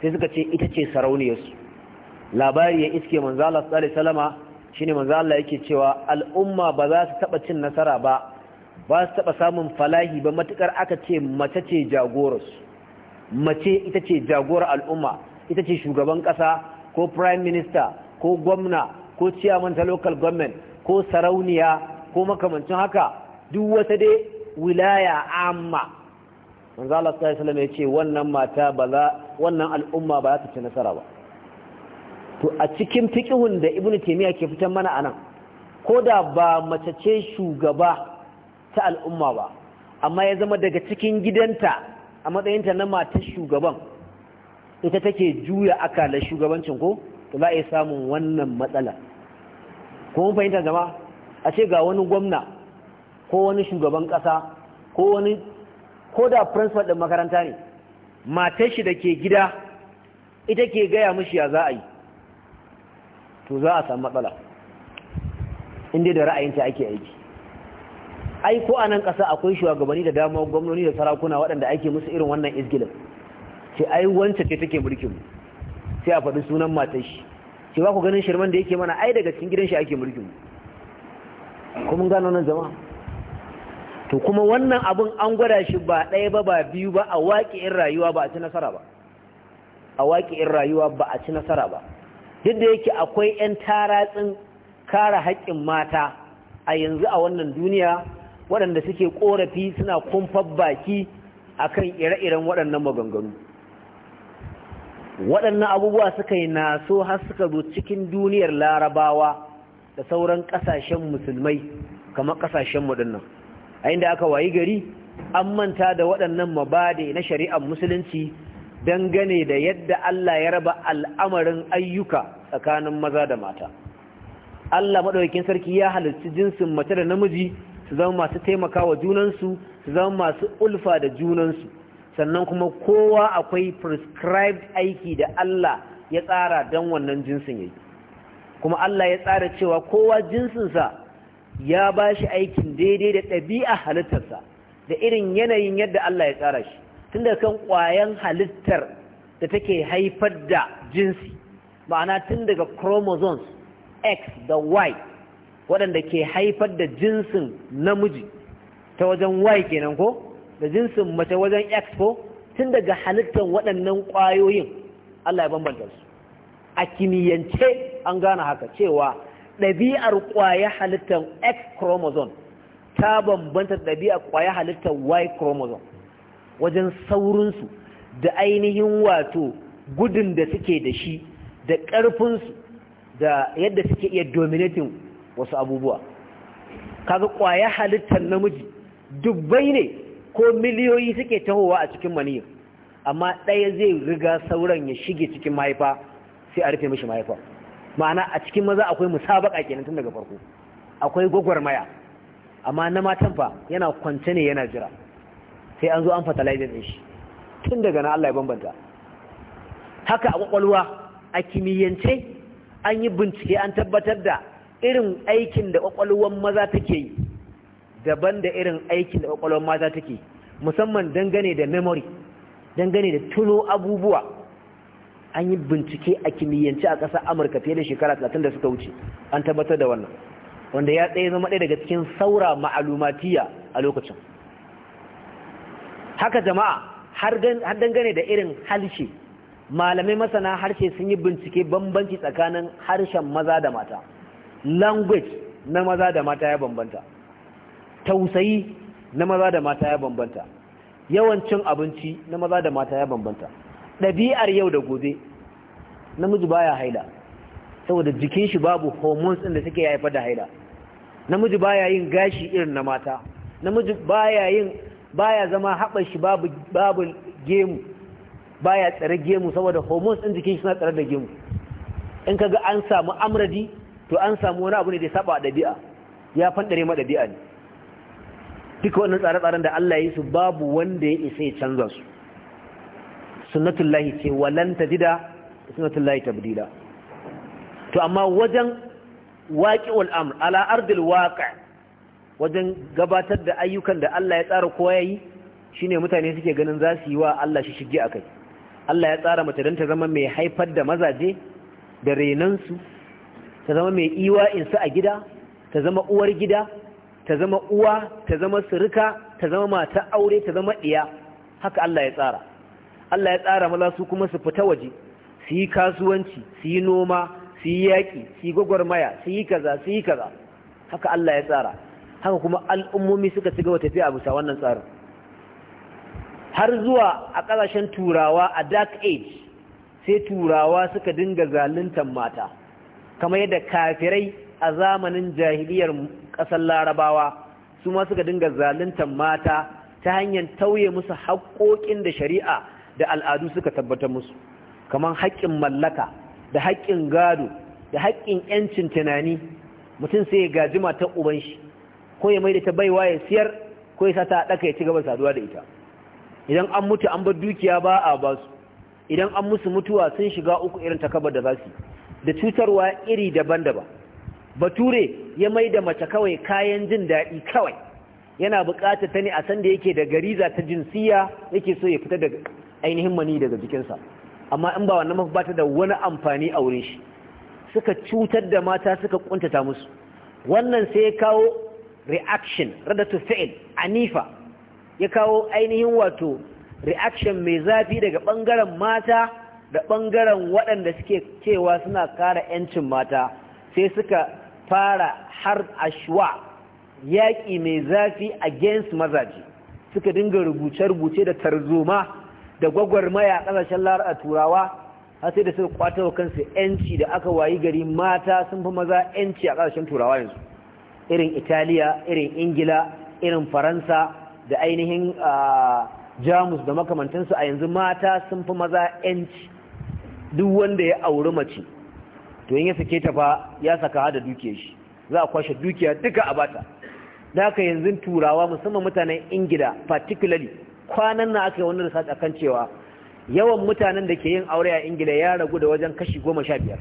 sai suka ce ita ce sarauniyarsu labari ya iske manzo Allah sallallahu shine manzo yake cewa al'umma ba za su taba cin nasara ba ba su taba samun falahi ba matukar aka ce mace ce jagorarsu mace ita ce jagorar al'umma ita ce shugaban kasa ko prime minister ko gwamna ko chairman ta local government ko sarauniya ko makamancin haka duk wata dai wilaya amma manzo Allah sallallahu ya ce wannan mata ba za wannan al'umma ba za ta ci nasara ba to a cikin fiqhun da ibnu taymiya ke fitan mana anan koda ba mace ce shugaba ta al'umma ba amma ya zama daga cikin gidanta a matsayinta na mata shugaban ita take juya akalar shugabancin ko to za a samu wannan matsala ko mun fahimta jama a ce ga wani gwamna ko wani shugaban ƙasa ko wani ko da principal ɗin makaranta ne matar shi da ke gida ita ke gaya mishi ya za a yi to za a samu matsala inda da ra'ayin ra'ayinta ake aiki ai ko a nan ƙasa akwai shugabanni da dama gwamnoni da sarakuna waɗanda ake musu irin wannan isgilin. sai ai wancan ce take mulkin mu sai a faɗi sunan matar shi ce ba ku ganin shirman da yake mana ai daga cikin gidan shi ake mulkin mu ko mun gano nan jama'a to kuma wannan abun an gwada shi ba ɗaya ba ba biyu ba a in rayuwa ba a ci nasara ba a in rayuwa ba a ci nasara ba duk da yake akwai 'yan taratsin kare haƙƙin mata a yanzu a wannan duniya waɗanda suke ƙorafi suna kumfar baki a kan ire-iren waɗannan maganganu waɗannan abubuwa suka yi naso har suka zo cikin duniyar larabawa da sauran ƙasashen musulmai kamar ƙasashen waɗannan a inda aka wayi gari an manta da waɗannan mabade na shari'ar musulunci dangane da yadda Allah ya raba al'amarin ayyuka tsakanin maza da mata Allah maɗaukakin sarki ya halarci jinsin mace da namiji su zama masu taimaka wa junansu su zama masu ulfa da junansu sannan kuma kowa akwai prescribed aiki da Allah ya tsara don wannan jinsin yayi kuma Allah ya tsara cewa kowa jinsinsa ya ba shi aikin daidai da ɗabi'a halittarsa da irin yanayin yadda Allah ya tsara shi tun da kan ƙwayan halittar da take haifar da jinsi ma'ana tun daga chromosomes x da y waɗanda ke haifar da jinsin namiji ta wajen y kenan ko da jinsin mace wajen x ko tun daga halittar waɗannan ƙwayoyin Allah ya bambanta su a kimiyyance an gane haka cewa ɗabi'ar ƙwaya halittar x chromosome ta bambanta ɗabi'ar ƙwaya halittar y chromosome wajen saurinsu da ainihin wato gudun da suke da shi da ƙarfinsu da yadda suke iya dominatin wasu abubuwa kaga ƙwaya halittar namiji dubbai ne ko miliyoyi suke tahowa a cikin maniyyar amma ɗaya zai riga sauran ya shige cikin mahaifa sai a rufe mashi mahaifa ma'ana a cikin maza akwai musabaka kenan tun daga farko akwai gwagwarmaya amma na matan fa yana kwance ne yana jira sai an zo an fertilizer din shi tun daga na Allah ya bambanta haka a kwakwalwa a kimiyyance an yi bincike an tabbatar da irin aikin da kwakwalwar maza take yi daban da irin aikin da kwakwalwar maza take musamman dangane da memory dangane da tuno abubuwa an yi bincike a kimiyyance a ƙasar amurka fiye da shekara 30 da suka wuce an tabbatar da wannan wanda ya tsaye zama ɗaya daga cikin saura ma'alumatiya a lokacin haka jama'a har dangane da irin harshe malamai masana harshe sun yi bincike bambanci tsakanin harshen maza da mata language na maza da mata ya bambanta tausayi na maza da mata ya bambanta yawancin abinci na maza da mata ya bambanta ɗabi'ar yau da gobe namiji baya haila saboda jikin shi babu hormones ɗin da suke haifar da haila namiji baya yin gashi irin na mata namiji baya yin baya zama haɓar shi babu gemu baya tsare gemu saboda homos ɗin jikin suna tsare da gemu in kaga an samu amradi to an samu wani abu ne da ya saba ɗabi'a ya fandare ma ɗabi'a ne duka wannan tsare-tsaren da Allah ya yi su babu wanda ya isa ya canza su sunnatullahi ce walan tajida sunnatullahi to amma wajen wal amr ala ardil waqi' wajen gabatar da ayyukan da Allah ya tsara kowa yayi shine mutane suke ganin za su yi wa Allah shi shige kai. Allah ya tsara mace don ta zama mai haifar da mazaje da renansu ta zama mai iwa insu a gida ta zama uwar gida ta zama uwa ta zama surika ta zama mata aure ta zama iya. haka Allah ya tsara Allah ya tsara maza su kuma su fita waje su yi kasuwanci su yi noma su yi yaƙi su yi gwagwarmaya su yi kaza su yi kaza haka Allah ya tsara haka kuma al'ummomi suka ci gaba tafiya a bisa wannan tsarin har zuwa a ƙasashen turawa a dark age sai turawa suka dinga zaluntar mata kamar yadda kafirai a zamanin jahiliyar ƙasar larabawa su ma suka dinga zaluntar mata ta hanyar tauye musu haƙoƙin da shari'a da al'adu suka tabbatar musu kamar haƙƙin mallaka da haƙƙin gado da haƙƙin 'yancin tunani mutum sai ya gaji matar uban shi ko ya maida ta baiwa ya siyar ko ya sa ta daka ya ci gaba saduwa da ita idan an mutu an bar dukiya ba a ba su idan an musu mutuwa sun shiga uku irin takabar da za su da cutarwa iri daban-daban bature ya mai da mace kawai kayan jin daɗi kawai yana buƙatar ta ne a san da yake da gariza ta jinsiya yake so ya fita daga ainihin mani daga jikinsa amma in ba wannan mafi da wani amfani a wurin shi suka cutar da mata suka kuntata musu wannan sai ya kawo reaction radatu fi'il anifa ya kawo ainihin wato reaction mai zafi daga bangaren mata da bangaren waɗanda suke cewa suna kara yancin mata sai suka fara har ashwa yaƙi mai zafi against mazaji suka dinga rubuce-rubuce da tarzoma da gwagwarmaya ƙasashen lara a turawa har sai da suka kwata wa kansu yanci da aka wayi gari mata sun fi maza yanci a ƙasashen turawa yanzu irin italiya irin ingila irin faransa da ainihin jamus da makamantansu a yanzu mata sun fi maza yanci duk wanda ya auri mace to yin ya sake ta fa ya saka da dukiya shi za a kwashe dukiya duka a bata da aka yanzu turawa musamman mutanen ingila particularly kwanan na aka yi wani research kan cewa yawan mutanen da ke yin aure a ingila ya ragu da wajen kashi goma sha biyar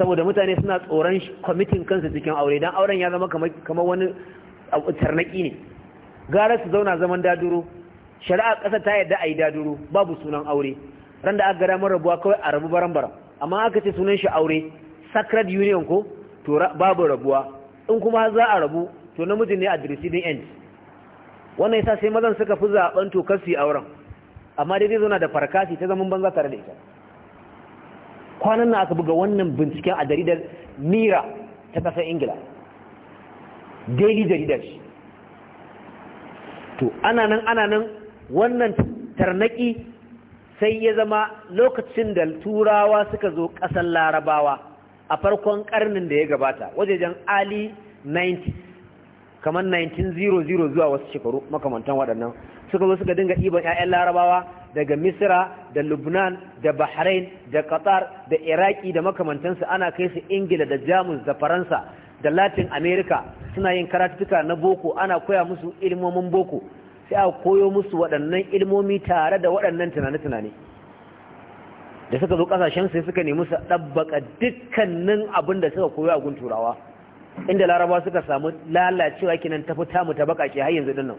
saboda mutane suna tsoron kwamitin kansu cikin aure don auren ya zama kamar wani tarnaki ne gara su zauna zaman daduro shari'a ƙasa ta yadda a yi daduro babu sunan aure ran da aka gara mara rabuwa kawai a rabu baran-baran amma aka ce sunan shi aure sacred union ko to babu rabuwa in kuma za a rabu to namiji ne a the receiving end wannan yasa sai mazan suka fi zaɓen to kasu yi auren amma dai zai zauna da farkasi ta zaman banza tare da ita kwanan na aka buga wannan binciken a jaridar mira ta kasar ingila daily jaridar to ana nan ana nan wannan tarnaki sai ya zama lokacin da turawa suka zo kasar larabawa a farkon karnin da ya gabata wajejen ali 90 kamar 1900 zuwa wasu shekaru makamantan waɗannan suka zo suka dinga ɗiban 'ya'yan larabawa daga misra da lubnan da bahrain da qatar da iraki da makamantansu ana kai su ingila da jamus da faransa da latin america suna yin karatuka na boko ana koya musu ilmomin boko sai a koyo musu waɗannan ilmomi tare da waɗannan tunane-tunane da suka zo ƙasashen sai suka nemi su ɗabbaka dukkanin abin da suka koyo a gun turawa inda laraba suka samu lalacewa kenan tafi tamu ta baƙaƙe har yanzu dinnan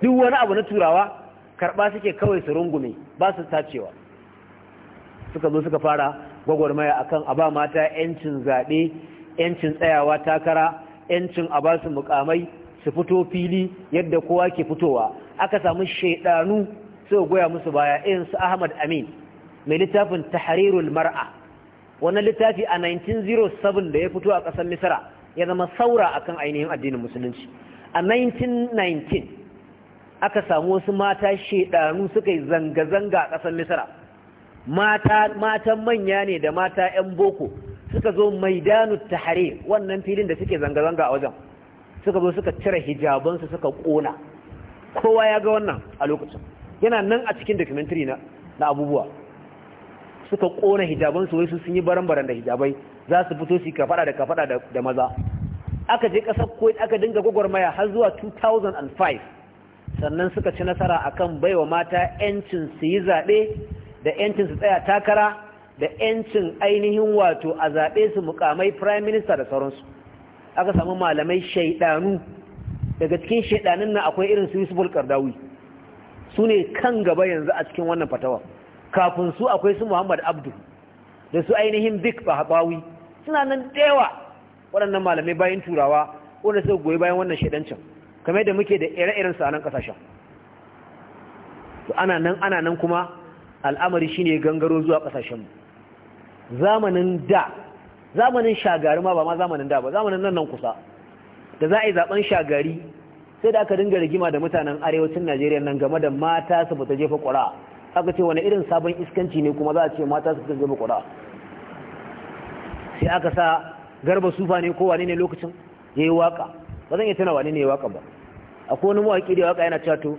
duk wani abu na turawa karɓa suke kawai su rungume ba su tacewa suka zo suka fara gwagwarmaya akan a ba mata 'yancin zaɓe 'yancin tsayawa takara 'yancin a ba su mukamai su fito fili yadda kowa ke fitowa aka samu shaidanu sai goya musu baya irin su ahmad amin mai littafin tahrirul mar'a wannan littafi a 1907 da ya fito a ƙasar misira ya zama saura akan ainihin addinin musulunci a 1919 aka samu wasu mata shedanu suka yi zanga-zanga a ƙasar misira matan manya ne da mata 'yan boko suka zo maidanu hare wannan filin da suke zanga-zanga a wajen suka zo suka cire hijabansu suka ƙona kowa ya ga wannan a lokacin yana nan a cikin documentary na abubuwa suka ƙona hijabansu wai sun yi baran-baran da hijabai za su fito su kafaɗa da kafaɗa da maza aka je ƙasar kuwait aka dinga gwagwarmaya har zuwa 2005 sannan suka ci nasara akan baiwa mata yancin su yi zaɓe da yancin su tsaya takara da yancin ainihin wato a zaɓe su mukamai prime minister da sauransu aka samu malamai shaidanu daga cikin shaidanun na akwai irin su yusuf al su ne kan gaba yanzu a cikin wannan fatawa kafin su akwai su muhammad abdu da su ainihin bik bahabawi suna nan ɗewa. waɗannan malamai bayan turawa wanda suka goyi bayan wannan shaidancin kamar da muke da ire-iren su a nan kasashen to ana nan ana nan kuma al'amari shine gangaro zuwa kasashen zamanin da zamanin shagari ma ba ma zamanin da ba zamanin nan nan kusa da za a yi zaben shagari sai da aka dinga rigima da mutanen arewacin Najeriya nan game da mata su fita jefa ƙura aka ce wani irin sabon iskanci ne kuma za a ce mata su fita jefa ƙura sai aka sa garba sufa ne ko wani ne lokacin ya yi waka ba zan iya tana wani ne ya yi waka ba akwai wani mawaƙi da waka yana cato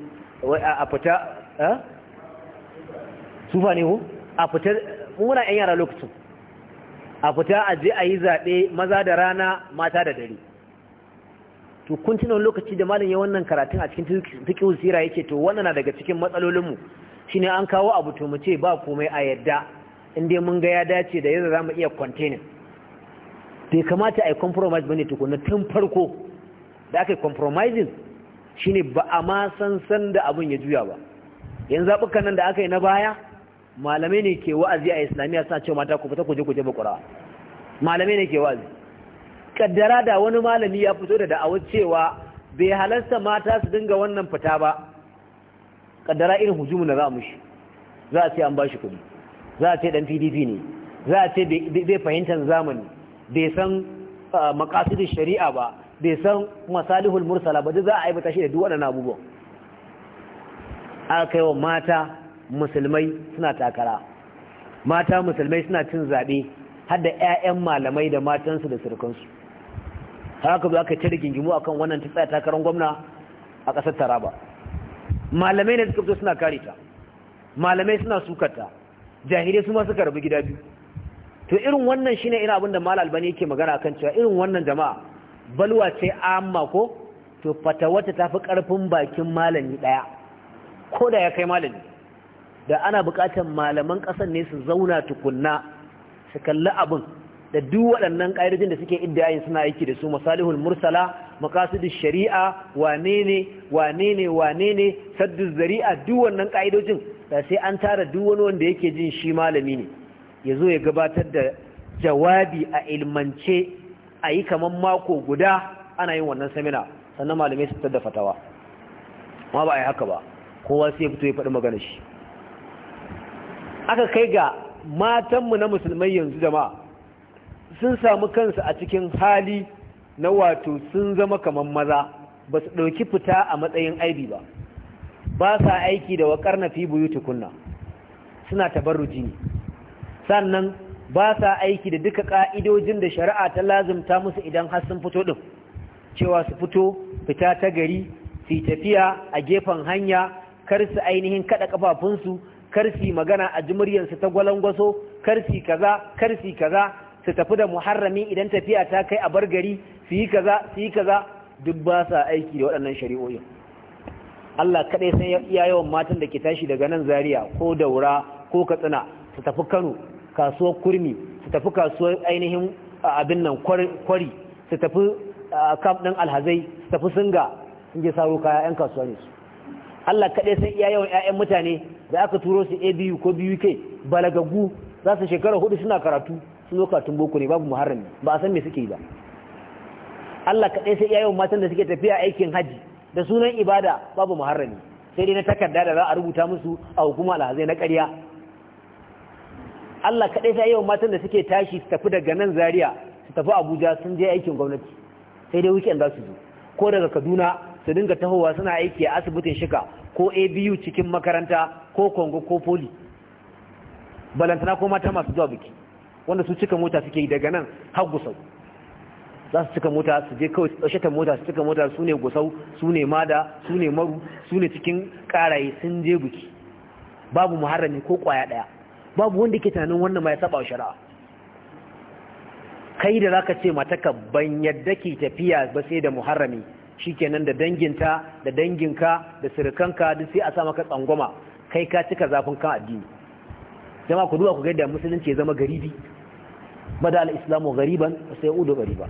a fita sufa ne ho a fita muna yan yara lokacin a fita a je a yi zaɓe maza da rana mata da dare to kun tuna lokaci da malam ya wannan karatun a cikin tuki sira yake to wannan na daga cikin matsalolinmu shi ne an kawo abu to mu ce ba komai a yadda inda mun ga ya dace da yadda za mu iya containing bai kamata a yi compromise bane tukuna tun farko da aka yi compromising shine ba a ma san san da abin ya juya ba yanzu zaɓukan nan da aka yi na baya malamai ne ke wa'azi a islamiyya suna cewa mata ku fita kuje kuje ƙura malamai ne ke wa'azi kaddara da wani malami ya fito da da'awar cewa bai halarta mata su dinga wannan fita ba kaddara irin hujumu na za a mushi za a ce an ba shi kuɗi za a ce dan pdp ne za a ce bai fahimtar zamani bai san ah, makasidin shari'a ba bai san masalihul mursala ba duk za a aibata shi da duk waɗannan abubuwan aka kai wa mata musulmai suna takara mata musulmai suna cin zaɓe har da 'ya'yan malamai da matansu da surukansu haka ba aka cire gingimu akan wannan ta tsaya takarar gwamna a ƙasar taraba malamai ne suka fito suna kare ta malamai suna sukarta jahilai su ma suka rabu gida biyu to irin wannan shine ina abin da mal albani yake magana akan cewa irin wannan jama'a balwa ce amma ko to fatawata ta fi ƙarfin bakin malami ɗaya ko da ya kai malami da ana buƙatar malaman ƙasan ne su zauna tukunna su kalli abin da duk waɗannan ƙa'idojin da suke iddiyayin suna aiki da su masalihul mursala maqasidus shari'a wane ne wane ne wane ne sadduz zari'a duk wannan ƙa'idojin da sai an tara duk wani wanda yake jin shi malami ne ya zo ya gabatar da jawabi a ilmance a yi kamar mako guda ana yin wannan samina sannan malamai su fitar da fatawa ma ba a yi haka ba kowa sai ya fito ya faɗi magana shi aka kai ga matanmu na musulmai yanzu da ma sun samu kansu a cikin hali na wato sun zama kamar maza ba su ɗauki fita a matsayin aibi ba ba sa aiki da waƙar na fi buyu tukunna suna tabarruji ne sannan ba sa aiki da duka ƙa'idojin da shari'a ta lazumta musu idan har sun fito ɗin cewa su fito fita ta gari su tafiya a gefen hanya kar su ainihin kaɗa ƙafafunsu, kar su magana a jimuryarsu ta gwalangwaso kar su kaza kar su kaza su tafi da muharrami idan tafiya ta kai a bar gari su yi kaza su yi kaza duk ba sa aiki da waɗannan shari'o'in Allah kaɗai san iya yawan matan da ke tashi daga nan Zaria ko Daura ko Katsina su tafi Kano kasuwar kurmi su tafi kasuwar ainihin abin nan kwari su tafi kam ɗin alhazai su tafi singa sun je saro kaya 'yan kasuwa ne su Allah kaɗai sai iya yawan 'ya'yan mutane da aka turo su abu ko buk balagagu za su shekara hudu suna karatu su zo katun boko ne babu muharrami ba a san me suke yi ba Allah kaɗai sai iya yawan matan da suke tafiya aikin hajji da sunan ibada babu muharrami sai dai na takarda da za a rubuta musu a hukuma alhazai na ƙarya Allah kaɗai ta yau matan da suke tashi su tafi daga nan Zariya su tafi Abuja sun je aikin gwamnati sai dai weekend za su zo ko daga Kaduna su dinga tahowa suna aiki a asibitin shika ko ABU cikin makaranta ko Kongo ko Poli balantana ko mata masu zuwa biki wanda su cika mota suke daga nan har gusau za su cika mota su je kawai ta mota su cika mota su ne gusau su ne mada su ne maru su ne cikin karaye sun je biki babu muharrami ko kwaya ɗaya babu wanda ke tunanin wannan ma ya saba shari'a kai da zaka ce mataka ban yadda ke tafiya ba sai da muharrami shikenan da danginta da danginka da sirkanka duk sai a sa maka tsangwama kai ka cika zafin kan addini jama ku duba ku ga da musulunci ya zama garibi bada al-islamu gariban sai Udo gariba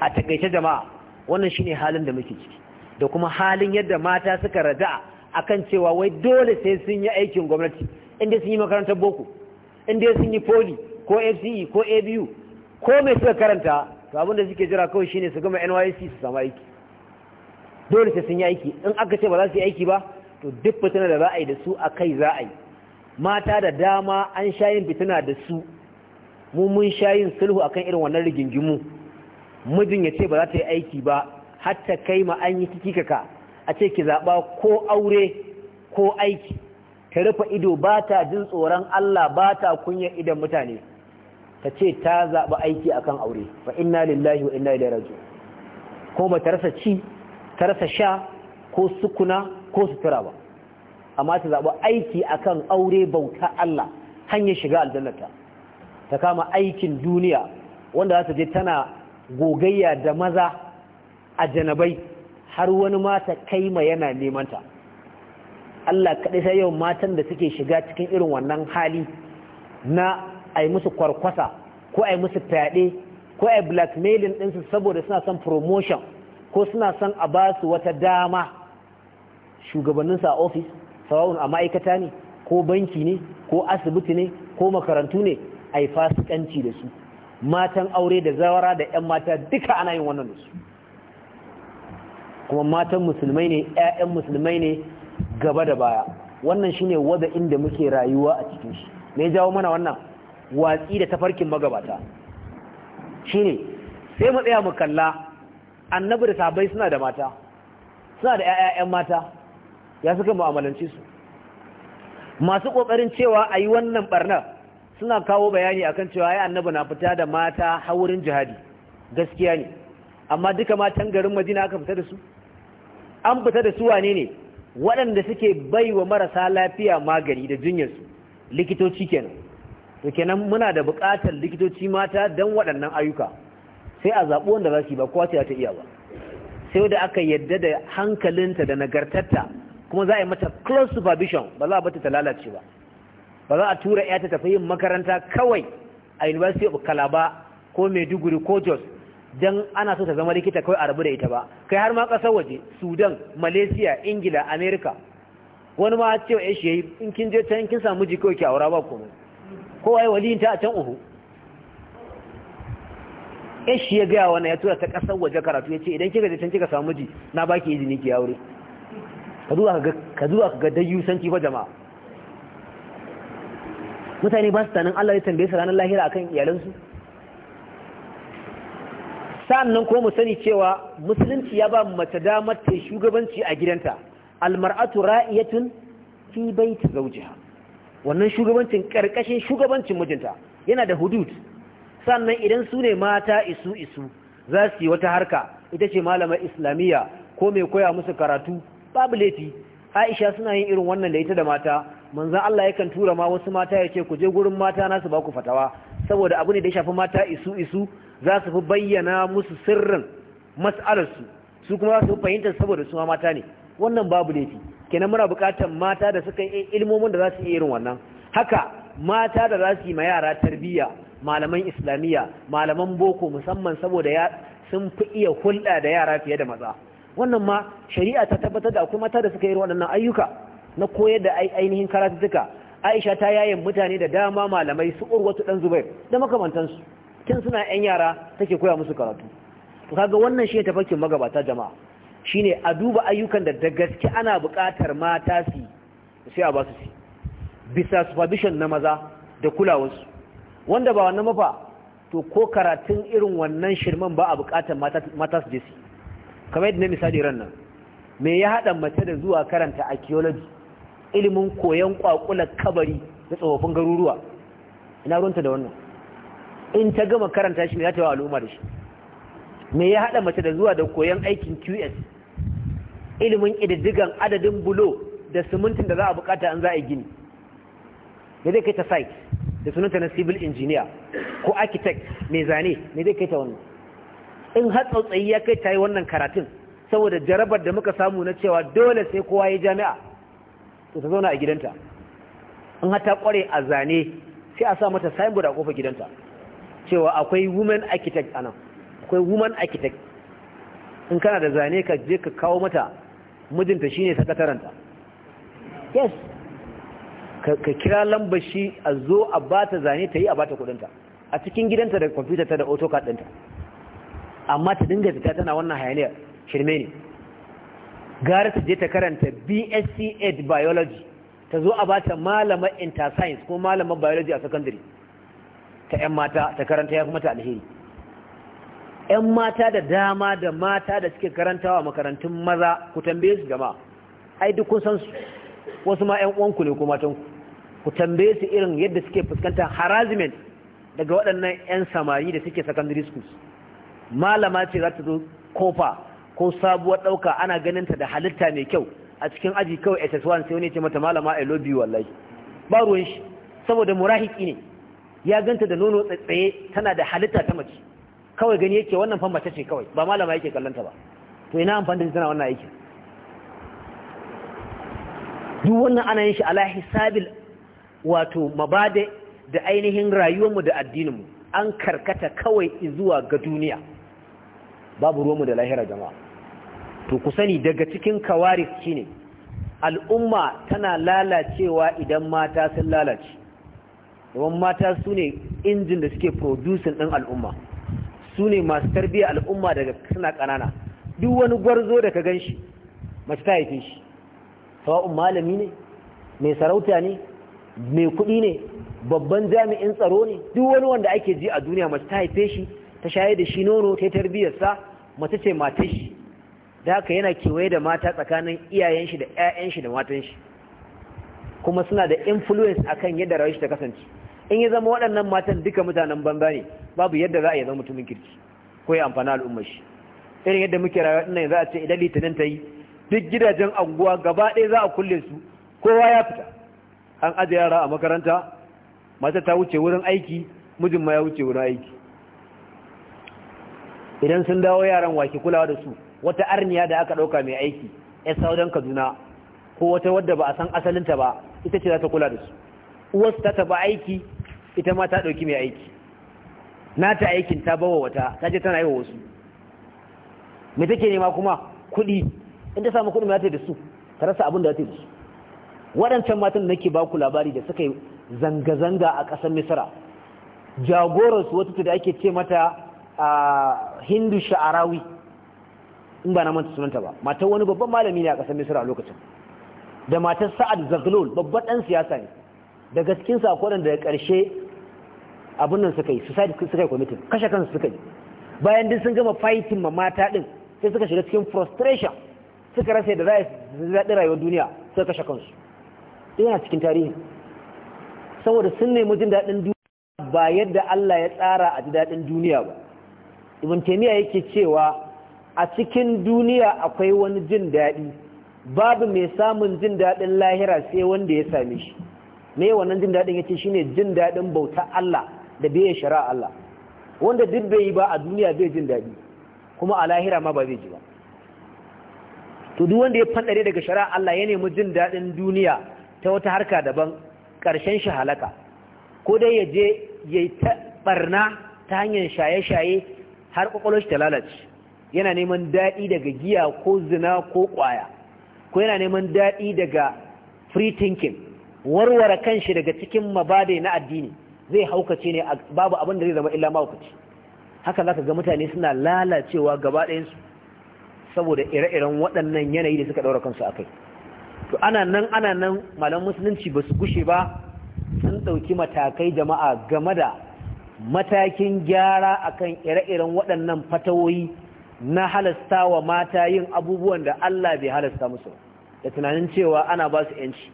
a takaice jama'a wannan shine halin da muke ciki da kuma halin yadda mata suka raja akan cewa wai dole sai sun yi aikin gwamnati inda sun yi makarantar boko inda sun yi poli ko fce ko abu ko mai suka karanta to abinda suke jira kawai shine su gama nysc su samu aiki dole sai sun yi aiki in aka ce ba za su yi aiki ba to duk fitina da za a yi da su a kai za a yi mata da dama an sha yin fitina da su mu mun sha yin sulhu akan irin wannan rigingimu mijin ya ce ba za ta yi aiki ba hatta kai ma an yi kikikaka a ce ki zaɓa ko aure ko aiki ta rufe ido ba ta jin tsoron Allah ba ta kunya idan mutane ta ce ta zaɓi aiki akan aure ba ina lillahi wa ina ilaihi raji'un ko ba ta rasa ci ta rasa sha ko sukuna ko sutura ba amma ta zaɓi aiki akan aure bauta Allah hanyar shiga aljannata ta kama aikin duniya wanda za ta je tana gogayya da maza a janabai har wani mata kaima yana neman ta Allah kaɗai sai yau matan da suke shiga cikin irin wannan hali na a yi musu kwarkwasa ko a yi musu fyaɗe ko a yi blackmailing ɗinsu saboda suna son promotion ko suna son a ba su wata dama shugabanninsu a ofis sawa'un a ma'aikata ne ko banki ne ko asibiti ne ko makarantu ne a yi fasikanci da su matan aure da zawara da 'yan mata duka ana yin wannan da su kuma matan musulmai ne 'ya'yan musulmai ne gaba da baya wannan shine wada inda muke rayuwa a cikin shi me jawo mana wannan watsi da tafarkin magabata shine sai mu tsaya mu kalla annabi da suna da mata suna da ƴaƴan mata ya suka mu'amalanci su masu kokarin cewa a yi wannan barna suna kawo bayani akan cewa ai annabi na fita da mata haurin jihadi gaskiya ne amma duka matan garin Madina aka fita da su an fita da su wane ne waɗanda suke bai wa marasa lafiya magani da jinyarsu likitoci kenan to kenan muna da buƙatar likitoci mata don waɗannan ayyuka sai a zaɓi wanda za su yi ba kowa ta iya ba sai da aka yadda da hankalinta da nagartarta kuma za a yi mata close supervision ba za a bata ta lalace ba ba za a tura ya ta tafi yin makaranta kawai a university of calabar ko maiduguri ko jos dan ana so ta zama likita kawai a rabu da ita ba kai har ma kasar waje Sudan Malaysia Ingila America wani ma cewa ya shi in kin je can kin samu jiko ki aura ba komai ko ya waliyin ta a can uhu ya shi ya gaya wani ya tura ta kasar waje karatu ya ce idan kika je can kika samu ji na baki izini ki aure ka zuwa ka ga dayyusanci ba jama'a mutane ba su tanin Allah ya tambaye su ranar lahira akan iyalansu sannan kuma mu sani cewa musulunci ya ba mace damar ta shugabanci a gidanta almar'atu ra'iyatun fi baiti zawjiha wannan shugabancin ƙarƙashin shugabancin mijinta yana da hudud sannan idan su ne mata isu isu za su yi wata harka ita ce malamar islamiyya ko mai koya musu karatu babu laifi aisha suna yin irin wannan da ita da mata manzan Allah yakan tura ma wasu mata ya ce ku je gurin mata nasu ba ku fatawa saboda abu ne da ya shafi mata isu isu za su fi bayyana musu sirrin mas'alarsu su kuma za su fi fahimtar saboda su mata ne wannan babu laifi kenan muna bukatar mata da suka yi ilmomin da za su yi irin wannan haka mata da za su yi ma yara tarbiyya malaman islamiyya malaman boko musamman saboda ya sun fi iya hulɗa da yara fiye da maza wannan ma shari'a ta tabbatar da akwai mata da suka yi waɗannan ayyuka na koyar da ainihin karatuttuka aisha ta yayin mutane da dama malamai su urwatu dan zubair da makamantansu tun suna yan yara take koya musu karatu to kaga wannan shine tafakin magabata jama'a shine a duba ayyukan da da gaske ana buƙatar mata su sai a ba su bisa supervision na maza da kulawarsu wanda ba wannan mafa to ko karatun irin wannan shirman ba a buƙatar mata su je su kamar yadda na misali ran nan me ya haɗa mace da zuwa karanta archaeology ilimin koyon kwakulan kabari da tsofaffin garuruwa ina ruwanta da wannan in ta gama karanta shi ya yi al'umma da shi me ya haɗa mace da zuwa da koyon aikin qs ilimin ƙididdigan adadin bulo da simintin da za a buƙata an za a gini me zai kai ta site da sunanta na civil engineer ko architect mai zane me zai kai ta wannan in har tsautsayi ya kai ta yi wannan karatun saboda jarabar da muka samu na cewa dole sai kowa ya jami'a to ta zauna a gidanta in har ta kware a zane sai a sa mata signboard a kofar gidanta cewa akwai women architect anan akwai women architect in kana da zane ka je ka kawo mata mijinta shine sakataranta yes ka kira lambar shi a zo a bata zane ta yi a bata kudinta a cikin gidanta da kwamfuta ta da autocad ɗinta amma ta dinga fita tana wannan hayaniyar shirme ne gara ta je ta karanta bsc Ed biology ta zo a bata malamar Science ko malamar biology a secondary ta 'yan mata ta karanta ya kuma ta alheri 'yan mata da dama da mata da suke karanta wa makarantun maza ku tambaye su jama ai duk kun san su wasu ma 'yan uwanku ne ko matanku ku tambaye su irin yadda suke fuskantar harassment daga waɗannan 'yan samari da suke secondary schools malama ce za ta zo kofa ko sabuwar ɗauka ana ganin ta da halitta mai kyau a cikin aji kawai ss1 sai wani ce mata malama i love you wallahi ba ruwan shi saboda murahiki ne ya ganta da nono tsaye tana da halitta ta mace kawai gani yake wannan fa mace ce kawai ba malama yake kallanta ba to ina amfani da tana wannan aikin duk wannan ana yin shi ala hisabil wato mabade da ainihin rayuwarmu da addinin mu an karkata kawai zuwa ga duniya babu ruwanmu da lahira jama'a to ku sani daga cikin kawaris shine al'umma tana lalacewa idan mata sun lalace domin mata su ne injin da suke producing ɗin al'umma su ne masu tarbiyyar al'umma daga suna ƙanana duk wani gwarzo da ka gan shi mace ta haife shi sawa'un malami ne mai sarauta ne mai kuɗi ne babban jami'in tsaro ne duk wani wanda ake ji a duniya mace ta haife shi ta shayar da shi nono ta tarbiyyarsa, mace ce matashi. shi da haka yana kewaye da mata tsakanin iyayenshi da 'ya'yan shi da matan shi kuma suna da influence akan yadda rayuwar shi ta kasance in ya zama waɗannan matan duka mutanen banza ne babu yadda za a yi zama mutumin kirki ko ya amfana al'ummar shi irin yadda muke rayuwa ɗin yanzu za a ce idan litinin ta yi duk gidajen anguwa gaba ɗaya za a kulle su kowa ya fita an aje yara a makaranta mata ta wuce wurin aiki mijin ma ya wuce wurin aiki idan sun dawo yaran wake kulawa da su wata arniya da aka ɗauka mai aiki ya saudan kaduna ko wata wadda ba a san asalinta ba ita ce za ta kula da su uwarsu ta taɓa aiki ita ma ta ɗauki mai aiki Na ta aikin ta bawa wata ta je tana yi wa wasu me take nema kuma kuɗi in ta samu kuɗi mai ta da su ta rasa abin da ta da su waɗancan matan da nake baku labari da suka yi zanga-zanga a ƙasar misira jagoransu wata ta da ake ce mata a hindu sha'arawi in ba na manta sunanta ba matar wani babban malami ne a ƙasar misira a lokacin da matar sa'ad zaglol babban ɗan siyasa ne da gaskinsa akwai da ƙarshe abin nan suka yi su sai suka yi committee kashe kansu suka yi bayan din sun gama fighting ma mata din sai suka shiga cikin frustration suka rasa da za su rayuwar duniya sai kashe kansu yana cikin tarihi saboda sun nemi jin daɗin duniya ba yadda Allah ya tsara a ji daɗin duniya ba ibn taymiya yake cewa a cikin duniya akwai wani jin daɗi babu mai samun jin daɗin lahira sai wanda ya same shi me wannan jin daɗin yace shine jin daɗin bauta Allah da biye shari'a Allah wanda duk bai yi ba a duniya zai jin daɗi kuma a lahira ma ba zai ji ba to duk wanda ya fadare daga shari'a Allah ya nemi jin daɗin duniya ta wata harka daban ƙarshen shi halaka ko dai ya je ya yi ta barna ta hanyar shaye-shaye har kwakwalwar shi ta lalace yana neman daɗi daga giya ko zina ko ƙwaya ko yana neman daɗi daga free thinking warware kanshi daga cikin mabade na addini zai haukace ne babu abin da zai zama illa mahaukaci haka zaka ga mutane suna lalacewa gaba ɗayansu saboda ire-iren waɗannan yanayi da suka ɗaura kansu a kai to ana nan ana nan malam musulunci ba su gushe ba sun ɗauki matakai jama'a game da matakin gyara akan ire-iren waɗannan fatawoyi na halasta wa mata yin abubuwan da Allah bai halasta musu da tunanin cewa ana ba su ‘yanci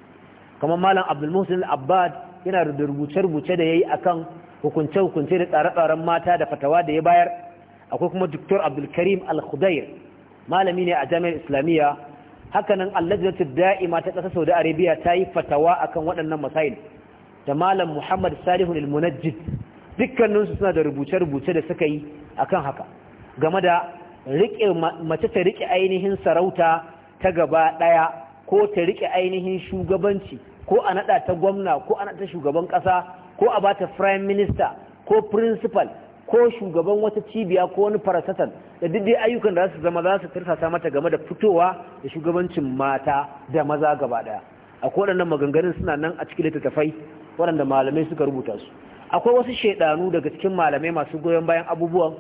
kamar malam abdulmusul abbad yana da rubuce-rubuce da ya yi a kan hukunce-hukunce da tsare-tsaren mata da fatawa da ya bayar akwai kuma Dr. Abdulkarim Al-Khudair malami ne a Jami'ar Islamiyya hakanan ta Da'ima ta sau Saudi Arabia ta yi fatawa akan waɗannan masail da malam Muhammad Salihu Al-Munajjid dukkaninsu suna da rubuce-rubuce da suka yi a kan haka game da mace ta riƙe ainihin sarauta ta gaba ɗaya ko ta riƙe ainihin shugabanci ko a naɗa ta gwamna ko a naɗa shugaban ƙasa ko a bata prime minista, ko firinsifal, ko shugaban wata cibiya ko wani farasatan da duk dai ayyukan da za su zama za su tirsasa mata game da fitowa da shugabancin mata da maza gaba daya akwai waɗannan maganganun suna nan a cikin littattafai waɗanda malamai suka rubuta su akwai wasu shaidanu daga cikin malamai masu goyon bayan abubuwan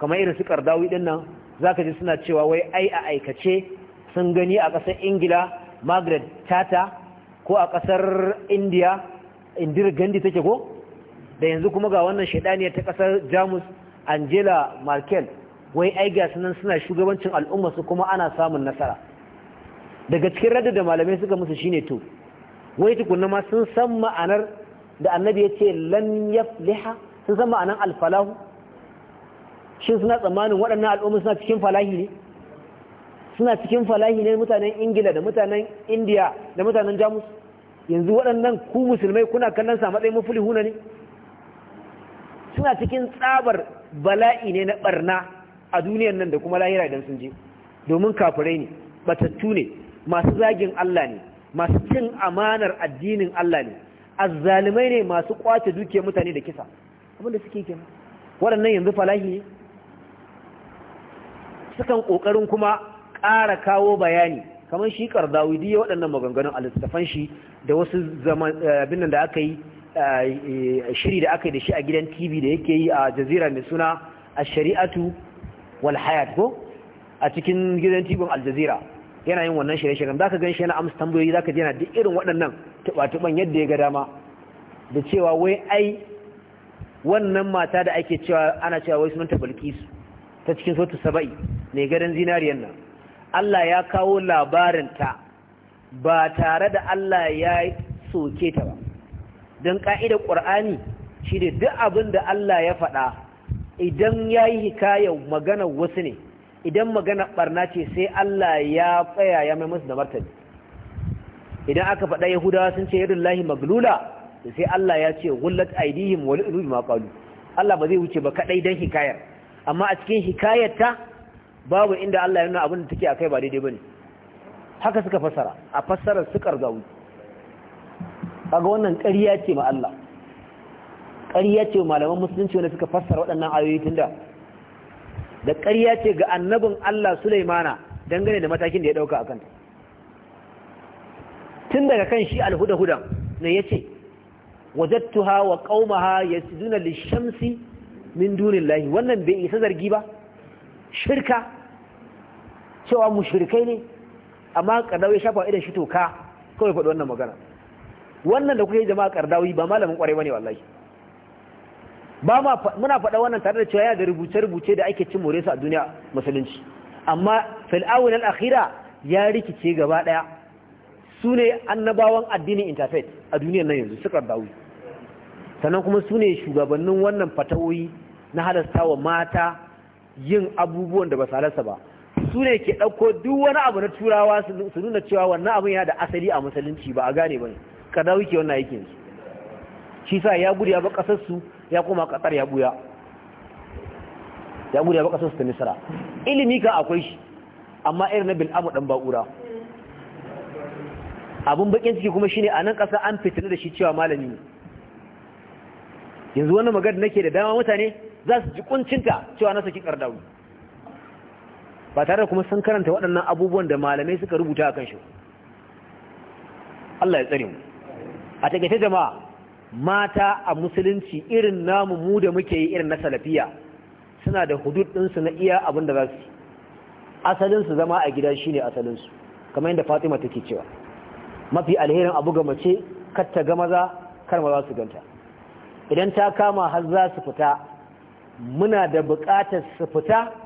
kamar irin su kardawi din nan zaka ji suna cewa wai ai a aikace sun gani a ƙasar ingila margaret tata ko a ƙasar indiya Indir gandhi take ko da yanzu kuma ga wannan shaidaniya ta ƙasar jamus angela merkel wai ai ga sunan suna shugabancin al'umma su kuma ana samun nasara daga cikin radar da malamai suka musu shine to wai tukunna ma sun san ma'anar da annabi ya ce lan yafliha sun san ma'anar alfalahu shin suna tsammanin waɗannan al'umma suna cikin falahi ne suna cikin falahi ne mutanen ingila da mutanen indiya da mutanen jamus yanzu waɗannan ku musulmai kuna kallon sa matsayin huna ne suna cikin tsabar bala'i ne na barna a duniyar nan da kuma lahira idan sun je domin kafirai ne batattu ne masu zagin Allah ne masu cin amanar addinin Allah ne azzalumai ne masu kwace dukiyar mutane da kisa abinda suke kenan waɗannan yanzu falahi ne sukan ƙoƙarin kuma ƙara kawo bayani kamar shi kardawi duk ya waɗannan maganganun a littattafan shi da wasu zaman eh, abin da aka yi eh, eh, shiri da aka yi da shi a gidan tv da yake yi a jazira mai suna a shari'atu wal hayat ko a cikin gidan tv al jazira yana yin wannan shirye-shiryen za ka gan shi yana amsa tambayoyi za ka ji duk irin waɗannan tuɓa-tuɓan yadda ya ga dama da cewa wai ai wannan mata da ake cewa ana cewa wai sunanta bilkisu ta cikin sautu saba'i mai gadon zinariyan nan Allah ya kawo labarin ta ba tare da Allah ya soke ta ba don ƙa'idar ƙur'ani shi ne duk abin da Allah ya faɗa idan ya yi hikayar maganar wasu ne idan maganar ɓarna ce sai Allah ya tsaya ya mai musu da martani idan aka faɗa yahudawa sun ce yadda lahi maglula sai Allah ya ce gullat aidihim wani ma qalu Allah ba zai wuce ba kaɗai dan hikayar amma a cikin hikayar ta babu inda Allah ya nuna abin da take akai ba daidai bane haka suka fassara a fasarar su kargawu kaga wannan ƙarya ce ma Allah ƙarya ce malaman musulunci wanda suka fassara waɗannan ayoyi tunda da ƙarya ce ga annabin Allah Sulaimana dangane da matakin da ya ɗauka akan tun daga kan shi alhuda-hudan ne yace wajadtuha wa qaumaha yasjuduna lish-shamsi min dunillahi wannan bai isa zargi ba shirka cewa mushrikai ne amma kardawi shafa idan shi toka kawai faɗi wannan magana wannan da kuke jama'a kardawi ba malamin kwarai bane wallahi ba ma muna faɗa wannan tare da cewa yana da rubuce-rubuce da ake cin more su a duniya musulunci amma fil awun al-akhira ya rikice gaba daya su ne annabawan addinin interfaith a duniya nan yanzu su kardawi sannan kuma su ne shugabannin wannan fatawoyi na halasta wa mata yin abubuwan da ba su halasta ba su ne ke ɗauko duk wani abu na turawa su nuna cewa wannan abin yana da asali a musulunci ba a gane ba ne kada wuke wannan aikin su shi sa ya gudu ya ba ƙasar su ya koma ƙasar ya buya ya gudu ya ba ƙasar su ta nisara ilimi ka akwai shi amma irin na bin amu ɗan ba'ura abin bakin ciki kuma shine a nan ƙasa an fitina da shi cewa malami ne yanzu wani magana nake da dama mutane za su ji kuncinta cewa na saki ƙardawi ba tare kuma sun karanta waɗannan abubuwan da malamai suka rubuta a kan shi Allah ya tsare mu a takaice jama'a mata a musulunci irin namu mu da muke yi irin na salafiya suna da hudud ɗinsu na iya abin da za su asalin su zama a gida shine asalin su kamar yadda Fatima take cewa mafi alherin abu ga mace kar ta ga maza kar maza su ganta idan ta kama har za su fita muna da buƙatar su fita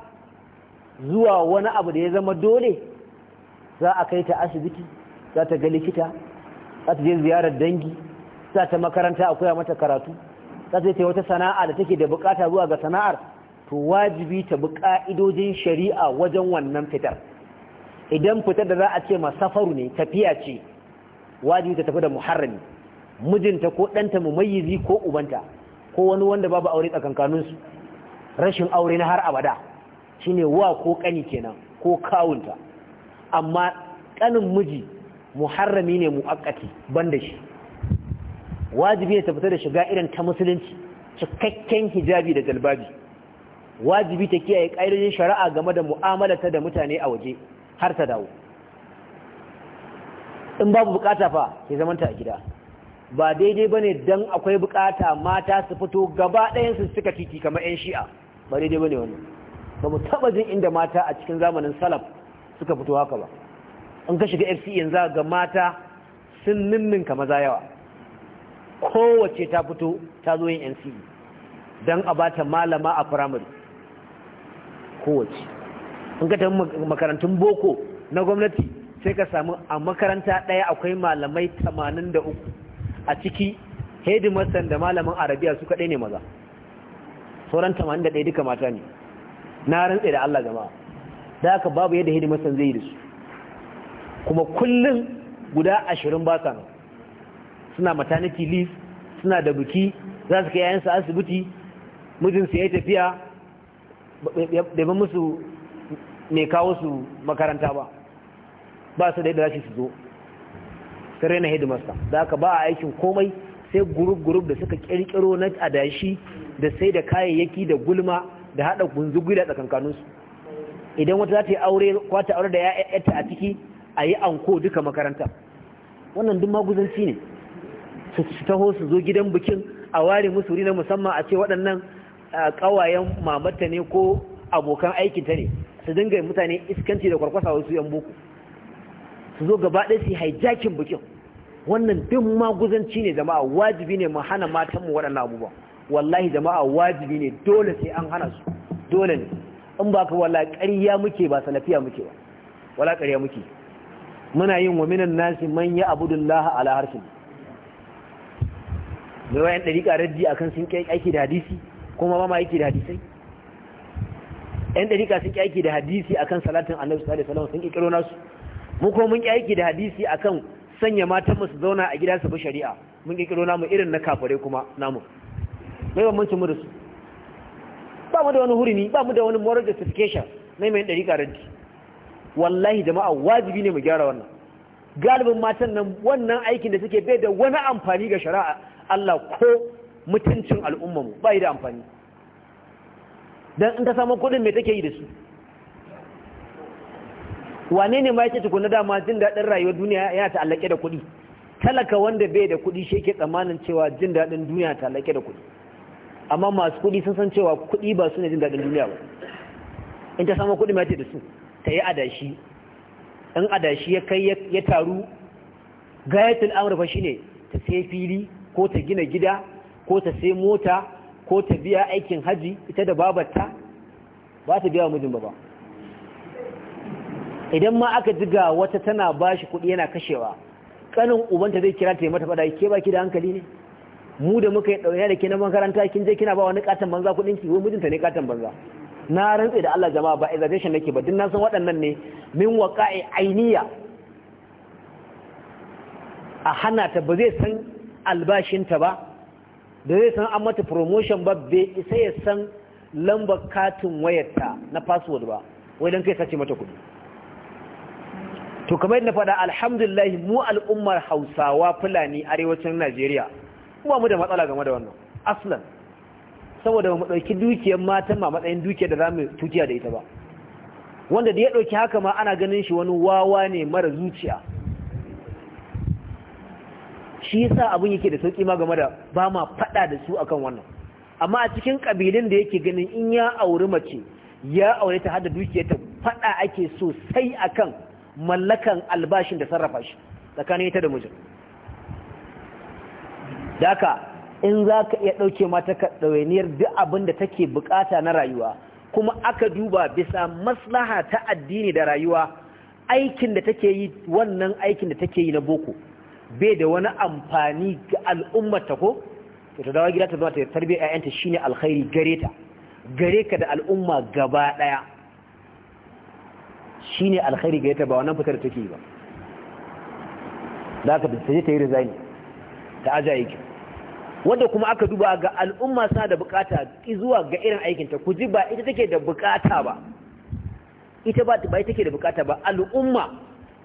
zuwa wani abu da ya zama dole za a kai ta asibiti za ta ga likita za ta je ziyarar dangi za ta makaranta a koya mata karatu za ta yi wata sana'a da take da bukata zuwa ga sana'ar to wajibi ta bi ka'idojin shari'a wajen wannan fitar idan fitar da za a ce safaru ne tafiya ce wajibi ta tafi da muharrami mijinta ko ɗanta mumayyizi ko ubanta ko wani wanda babu aure tsakankaninsu rashin aure na har abada shine wa ko kani kenan ko kawunta amma ƙanin miji muharrami ne muakkati banda shi wajibi ne ta fita da shiga irin ta musulunci cikakken hijabi da jalbabi wajibi ta kiyaye ƙa'idojin shari'a game da mu'amalarta da mutane a waje har ta dawo in babu bukata fa ke zamanta a gida ba daidai ba ne don akwai bukata mata su fito gaba ɗayan su suka titi kamar 'yan shi'a ba daidai ba ne wannan ba mu taba jin inda mata a cikin zamanin salaf suka fito haka ba in ka shiga fc yanzu ga mata sun ka maza yawa kowace ta fito ta zo yin nc e don a bata malama a firamare kowace in ka tafi makarantun boko na gwamnati sai ka samu a makaranta ɗaya akwai malamai 83 a ciki hedimarsan da malamin arabiya su ɗai ne maza sauran 81 duka mata ne na rantse da Allah gama da aka babu yadda hidimar san zai da su kuma kullum guda ashirin ba sa suna maternity leave suna da buki za su kai yayansu asibiti mijinsu ya yi tafiya da ba musu mai kawo su makaranta ba ba su da yadda za su zo sai na hidimarsa da aka ba a aikin komai sai gurub-gurub da suka kirkiro na adashi da sai da kayayyaki da gulma da haɗa gunzugui da tsakankaninsu idan wata za ta yi aure kwata aure da ya'yata a ciki a yi anko duka makaranta wannan duk maguzanci ne su taho su zo gidan bikin a ware musu na musamman a ce waɗannan ƙawayen mamata ne ko abokan aikinta ne su dinga mutane iskanci da kwarkwasa wasu yan boko su zo gaba ɗaya su yi hijacking bikin wannan duk maguzanci ne jama'a wajibi ne mu hana matanmu waɗannan abubuwa wallahi jama'a wajibi ne dole sai an hana su dole ne in ba ka wala ƙarya muke ba salafiya muke ba wala ƙarya muke muna yin wa minan nasi man ya abudullah ala harshen mai wayan ɗariƙa raddi akan sun ƙi aiki da hadisi kuma ba ma aiki da hadisai yan ɗariƙa sun ƙi aiki da hadisi akan salatin annabi sallallahu alaihi wasallam sun ƙirƙiro nasu mu kuma mun ƙi aiki da hadisi akan sanya matan mu su zauna a gida su bi shari'a mun kirkiro namu irin na kafare kuma namu mai bambancin mu da su ba mu da wani hurumi ba mu da wani moral justification mai mai ɗari ƙaranti wallahi jama'a wajibi ne mu gyara wannan galibin matan nan wannan aikin da suke bai da wani amfani ga shari'a Allah ko mutuncin al'umma mu yi da amfani dan in ta samu kuɗin me take yi da su wane ne ma yake tukuna dama jin daɗin rayuwar duniya ya ta'allake da kuɗi talaka wanda bai da kuɗi shi yake tsammanin cewa jin daɗin duniya ta'allake da kuɗi amma masu kuɗi sun san cewa kuɗi ba su ne jin daɗin duniya ba in ta samu kuɗi ma ta da su ta yi adashi in adashi ya kai ya taru gayatul amurfa shi ne ta sai fili ko ta gina gida ko ta sai mota ko ta biya aikin haji ita da babarta ba ta biya mijin ba ba idan ma aka jiga wata tana ba shi kuɗi yana kashewa kanin ubanta zai kira ta mata fada ke baki da hankali ne mu da muka yi ɗauya da ke na makaranta kin je kina ba wani katon banza kuɗin ki wai mijinta ne katon banza na rantse da Allah jama'a ba exaggeration nake ba duk na san waɗannan ne min waqa'i ainiya a hana ta ba zai san ta ba da zai san an mata promotion ba bai isa ya san lambar katin wayarta na password ba wai dan kai sace mata kuɗi to kamar yadda faɗa alhamdulillah mu al'ummar hausawa fulani arewacin najeriya kuma mu da matsala game da wannan aslan saboda mu ɗauki dukiyar matan ma matsayin dukiyar da za mu tukiya da ita ba wanda da ya ɗauki haka ma ana ganin shi wani wawa ne mara zuciya shi yasa abin yake da sauƙi ma game da ba ma faɗa da su akan wannan amma a cikin ƙabilun da yake ganin in ya auri mace ya aure ta hada dukiyar ta faɗa ake so sai akan mallakan albashin da sarrafa shi tsakanin ita da mijin daka in za ka iya ɗauke mata ka ɗawainiyar duk abin da take bukata na rayuwa kuma aka duba bisa maslaha ta addini da rayuwa aikin da take yi wannan aikin da take yi na boko bai da wani amfani ga al'ummar ta ko to ta dawo gida ta zama ta tarbiyyar 'ya'yanta shine alkhairi gare ta gare ka da al'umma gaba ɗaya ne alkhairi ga yata ba wannan fitar take yi ba za ka sai ta yi resign ta aja yake wanda kuma aka duba ga al'umma suna da bukata zuwa ga irin aikinta. ku ji ba ita take da bukata ba ita ba ba take da bukata ba al'umma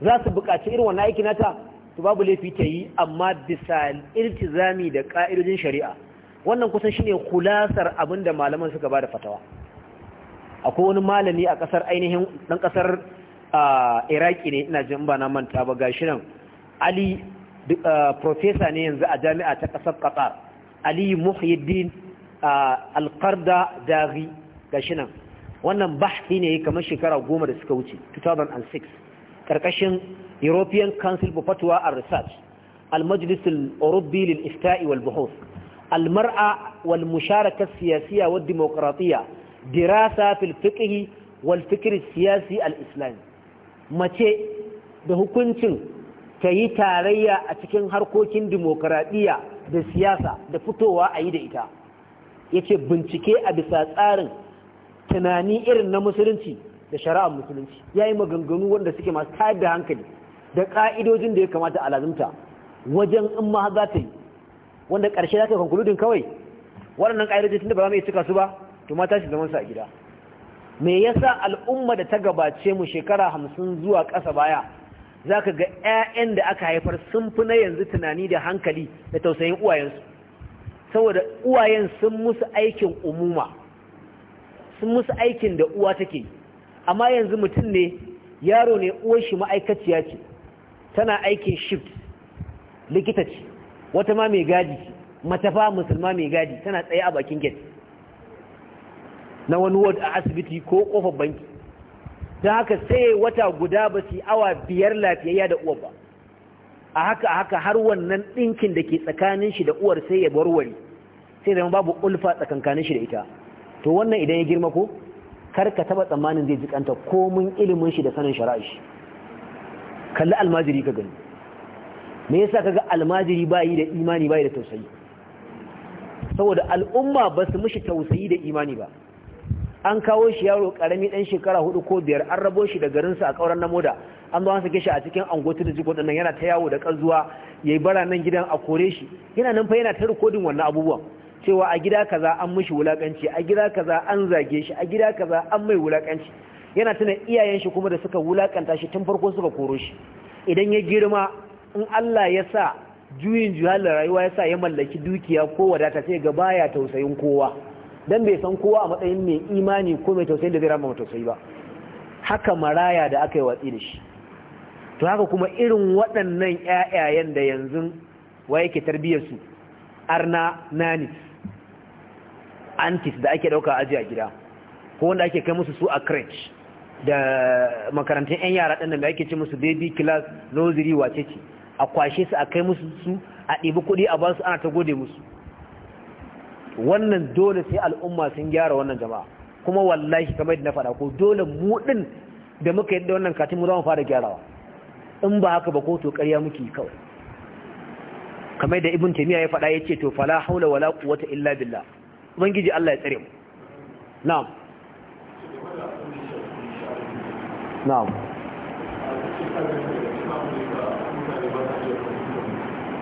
za su bukaci irin wannan aikin nata to babu laifi ta yi amma bisa iltizami da ka'idojin shari'a wannan kusan shine kulasar abinda malaman suka ba da fatawa akwai wani malami a kasar ainihin dan kasar iraki ne ina jin ba na manta ba gashi nan ali professor ne yanzu a jami'a ta kasar qatar ali muhyiddin alqarda daghi gashi nan wannan bahthi ne kamar shekara goma da suka wuce 2006 karkashin european council for fatwa and research المجلس الأوروبي للإفتاء والبحوث المرأة والمشاركة السياسية والديمقراطية dirasa fil fiqhi wal siyasi al islami mace da hukuncin ta yi tarayya a cikin harkokin dimokuraɗiyya da siyasa da fitowa a yi da ita yace bincike a bisa tsarin tunani irin na musulunci da shari'ar musulunci ya yi maganganu wanda suke masu tayar da hankali da ƙa'idojin da ya kamata a lazimta wajen in ma za ta yi wanda ƙarshe za ta yi kawai waɗannan ƙa'idojin tun da ba za cika su ba to mata shi zaman su a gida me yasa al'umma da ta gabace mu shekara hamsin zuwa ƙasa baya za ka ga 'ya'yan da aka haifar sun fi na yanzu tunani da hankali da tausayin uwayensu saboda uwayen sun musu aikin umuma sun musu aikin da uwa take amma yanzu mutum ne yaro ne uwar shi ma'aikaciya ce tana aikin shift likita ce wata ma mai gadi matafa musulma mai gadi tana tsaye a bakin gate na wani ward a asibiti ko kofar banki ta haka sai wata guda ba su awa biyar lafiyayya da uwa ba a haka a haka har wannan ɗinkin da ke tsakanin shi da uwar sai ya warware sai zama babu ulfa tsakankanin shi da ita to wannan idan ya girma ko kar ka taba tsammanin zai jikanta komin ilimin shi da sanin shari'a shi kalli almajiri ka gani me yasa kaga almajiri bayi da imani bayi da tausayi saboda al'umma ba su mishi tausayi da imani ba an kawo shi yaro karami dan shekara hudu ko biyar an rabo shi da garinsa a kauran na moda an zo an sake shi a cikin angotu da jiko dinnan yana ta yawo da kanzuwa yayi bara nan gidan a kore shi yana nan fa yana ta rikodin wannan abubuwan cewa a gida kaza an mishi wulakanci a gida kaza an zage shi a gida kaza an mai wulakanci yana tana iyayen shi kuma da suka wulakanta shi tun farko suka koro shi idan ya girma in Allah ya sa juyin juhalar rayuwa ya sa ya mallaki dukiya ko wadata sai ga baya tausayin kowa dan bai san kowa a matsayin mai imani ko mai tausayi da zai rama tausayi ba haka maraya da aka yi watsi da shi to haka kuma irin waɗannan ƴaƴayen da yanzu wa yake tarbiyyar arna nanis antis da ake dauka aji a gida ko wanda ake kai musu su a crèche da makarantun ƴan yara ɗin da ake ce musu baby class nursery wace ce a kwashe su a kai musu su a ɗibi kuɗi a basu ana ta gode musu wannan dole sai al'umma sun gyara wannan jama'a kuma wallahi kamar yadda na faɗa ko dole mu din da muka yadda wannan katin mu za mu fara gyarawa in ba haka ba ko to ƙarya muke kawai kamar da ibn taymiya ya faɗa yace to fala haula wala quwwata illa billah ubangiji Allah ya tsare mu na'am na'am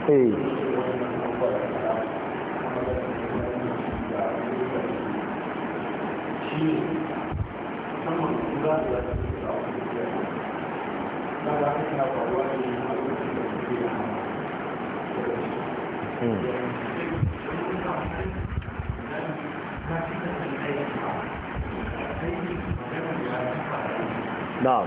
eh shi musamman za su da na ba ta faruwa ne da نعم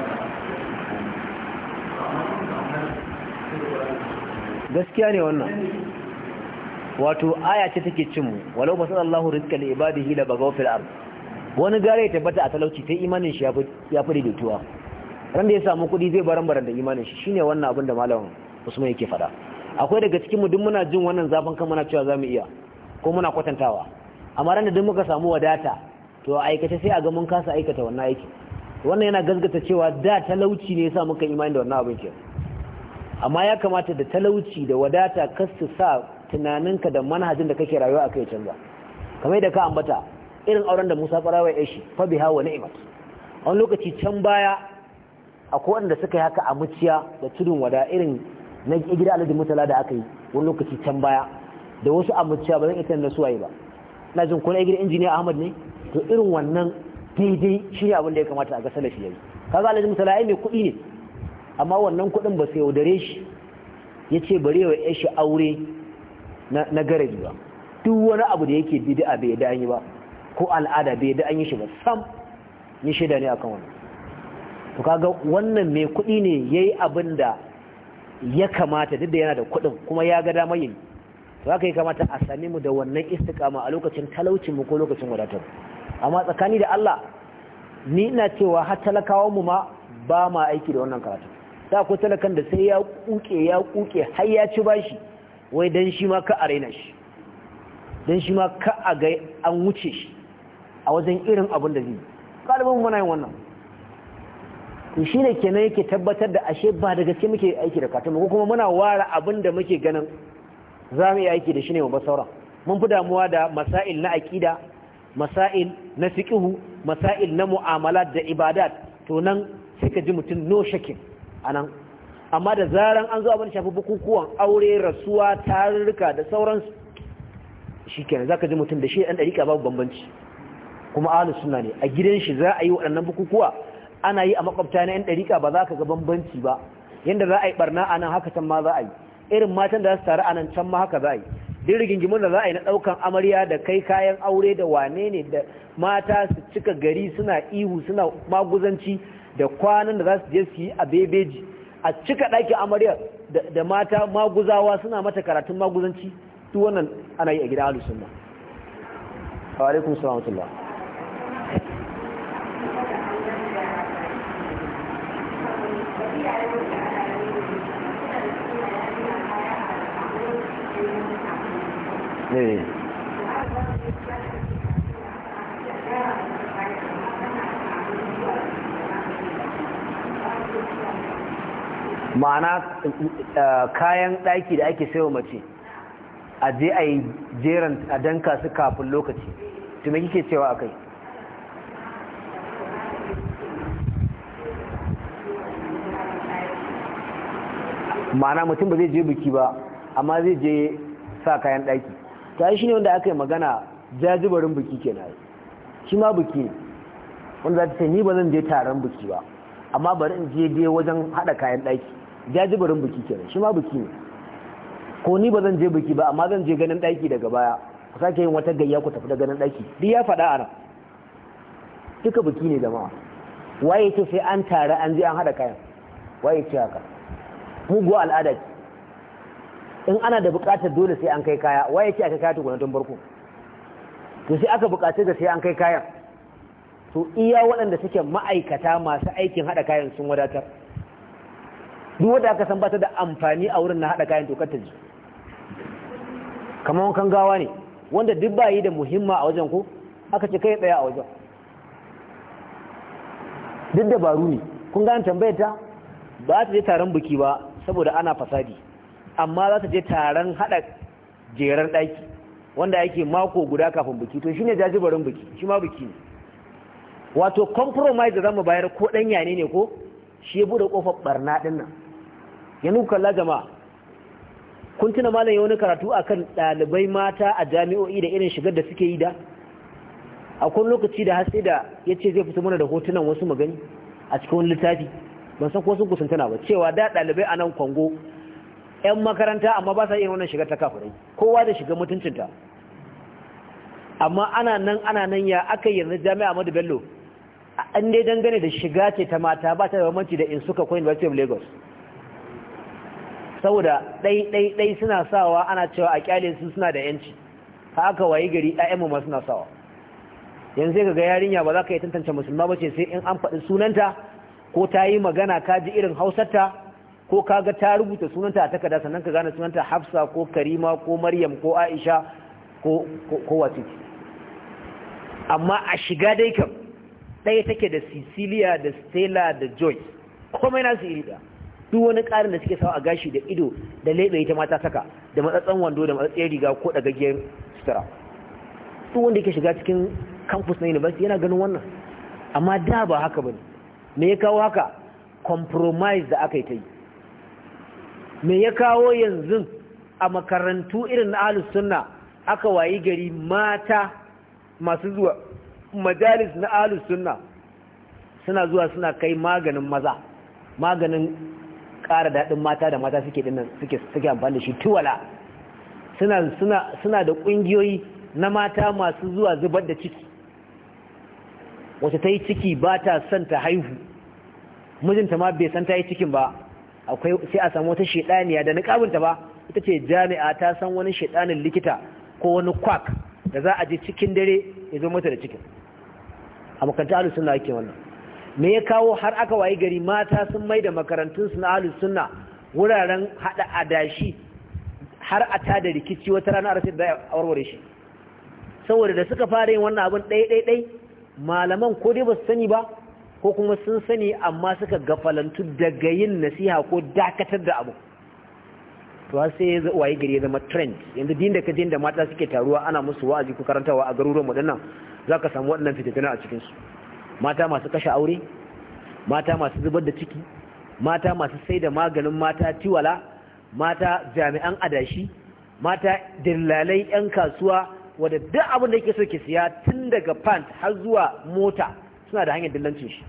gaskiya ne wannan wato aya ce take cin mu walau ba sallallahu rizqa li ibadihi la bagaw ard wani gare ya tabbata a talauci sai imanin shi ya fi daidaituwa ran da ya samu kuɗi zai baran baran da imanin shi shine wannan abin da malam Usman yake faɗa akwai daga cikin mu duk muna jin wannan zafin kan muna cewa zamu iya ko muna kwatantawa amma ran da duk muka samu wadata to a aikace sai a ga mun kasa aikata wannan aiki wannan yana gazgata cewa da talauci ne yasa muka imani da wannan abin ke amma ya kamata da talauci da wadata kar sa tunaninka da manhajin da kake rayuwa akai canza kamar da ka ambata irin auren da Musa Farawa ya shi fa biha wa ni'mat a wani lokaci can baya akwai wanda suka yi haka a muciya da tudun wada irin na gida alhaji mutala da aka yi wani lokaci can baya da wasu a muciya ba zan ita na suwaye ba ina jin kuna gida injiniya Ahmad ne to irin wannan daidai shi ne abin da ya kamata a ga salafi yayi kaga alhaji musala ai mai kuɗi ne amma wannan kuɗin ba su yaudare shi ya ce bari wa yashi aure na garabi ba duk wani abu da yake bid'a bai da an yi ba ko al'ada bai da an yi shi ba sam ni shaida ne akan wannan to kaga wannan mai kuɗi ne yayi abin da ya kamata duk da yana da kuɗin kuma ya ga damar yin to haka ya kamata a same mu da wannan istiqama a lokacin talaucin mu ko lokacin wadatar amma tsakani da Allah ni ina cewa har talakawan mu ma ba ma aiki da wannan karatu da ko talakan da sai ya kuke ya kuke har ya ci bashi wai dan shi ma ka arena shi dan shi ma ka a ga an wuce shi a wajen irin abin da zai galibin muna yin wannan to shi ne kenan yake tabbatar da ashe ba da gaske muke aiki da karatu ko kuma muna wara abin da muke ganin za mu yi aiki da shi ne ba sauran mun fi damuwa da masail na akida. masail na fiqhu masail na mu'amalat da ibadat to nan sai ka ji mutum no shakin anan amma da zaran an zo abin shafi bukukuwan aure rasuwa tarurruka da sauransu shikenan zaka ji mutum da shi dan dariƙa babu bambanci kuma ahlus sunna ne a gidan shi za a yi waɗannan bukukuwa ana yi a makwabta na yan dariƙa ba za ka ga bambanci ba yanda za a yi barna anan haka can ma za a yi irin matan da za su taru anan can ma haka za a yi duk rigingimin da za a yi na ɗaukan amarya da kai kayan aure da wane ne da mata su cika gari suna ihu suna maguzanci da kwanan da za su je su yi a bebeji a cika ɗakin amarya da mata maguzawa suna mata karatun maguzanci duk wannan ana yi a gida alusun ba a alaikun salamatullah Thank you. Eh. ma'ana eh, kayan ɗaki da ake sayo mace a je a yi jeran a danka su kafin lokaci tume kike cewa a kai ma'ana mutum ba zai je biki ba amma zai je sa kayan ɗaki ta shi ne wanda aka yi magana jajibarin biki na shi ma buki ne wanda za ta sai ni ba zan je taron buki ba amma bari in je dai wajen haɗa kayan ɗaki jajibarin biki kenan shi ma buki ne ko ni ba zan je buki ba amma zan je ganin ɗaki daga baya ku sake yin wata gayya ku tafi da ganin ɗaki duk ya faɗa a nan duka buki ne jama'a waye ce sai an tare an je an haɗa kayan waye ce haka mugu al'ada ce in ana da buƙatar dole sai an kai kaya waye ce aka kaya tukuna tun barko? to sai aka buƙaci da sai an kai kayan to iya waɗanda suke ma'aikata masu aikin haɗa kayan sun wadatar duk wanda aka san bata da amfani a wurin na haɗa kayan to ta ji kamar wankan gawa ne wanda duk ba yi da muhimma a wajen ku aka ce kai tsaya a wajen duk dabaru ne kun gane tambayar ta ba ta je taron biki ba saboda ana fasadi amma za ta je taron haɗa jerar ɗaki wanda ake mako guda kafin biki to shine jajibarin biki shi ma biki ne wato compromise da zamu bayar ko danya ne ne ko shi ya bude kofar barna din nan yanzu kalla jama'a kun tuna malam yau ne karatu akan ɗalibai mata a jami'o'i da irin shigar da suke yi da akwai lokaci da haske da ya ce zai fita mana da hotunan wasu magani a cikin wani littafi ban san ko sun kusantana ba cewa da dalibai a nan Kwango 'yan makaranta amma ba sa iya wannan shiga ta kafirai kowa da shiga mutuncinta amma ana nan ana nan ya aka yi yanzu jami'a madu Bello an dai dangane da shiga ce ta mata ba ta da da in suka koyi University of Lagos saboda ɗai-ɗai-ɗai suna sawa ana cewa a kyale su suna da yanci ta aka wayi gari ɗayanmu ma suna sawa yanzu ya ga yarinya ba za ka yi tantance musulma ba ce sai in an faɗi sunanta ko ta yi magana ka ji irin hausarta ko ka ga ta rubuta sunanta a takarda sannan ka gane sunanta Hafsa ko Karima ko Maryam ko Aisha ko ko wace amma a shiga dai kam ɗaya take da Cecilia da Stella da Joyce komai nasu iri da duk wani ƙarin da suke sawa a gashi da ido da leɓe ita mata saka da matsatsan wando da matsatsiyar riga ko dagaggiyar sutura duk wanda yake shiga cikin campus na university yana ganin wannan amma da ba haka ba ne. me ya kawo haka compromise da aka yi ta yi me ya kawo yanzu a makarantu irin na ahlus aka wayi gari mata masu zuwa majalis na ahlus suna zuwa suna kai maganin maza maganin ƙara daɗin mata da mata suke dinnan suke suke amfani da shi tuwala suna suna suna da ƙungiyoyi na mata masu zuwa zubar da ciki wata ta yi ciki ba ta son ta haihu mijinta ma bai santa ta yi cikin ba akwai sai a samu wata shedaniya da kabunta ba ita ce jami'a ta san wani shedanin likita ko wani kwak da za a je cikin dare ya zo mata da cikin a makarantar ahlus sunna yake wannan me ya kawo har aka waye gari mata sun mai da makarantun su na ahlus sunna wuraren hada adashi har a tada rikici wata rana a rashin da ya warware shi saboda da suka fara yin wannan abin ɗai ɗai ɗai malaman ko dai ba su sani ba ko kuma sun sani amma suka gafalantu daga yin nasiha ko dakatar da abu to sai ya waye gari ya zama trend yanzu din da kaje da mata suke taruwa ana musu wa'azi ko karantawa a garuruwan mu dinnan zaka samu waɗannan fitattuna a cikin su mata masu kashe aure mata masu zubar da ciki mata masu sai maganin mata tiwala mata jami'an adashi mata dillalai yan kasuwa wadda duk abin da yake so ki siya tun daga pant har zuwa mota suna da hanyar dillancin shi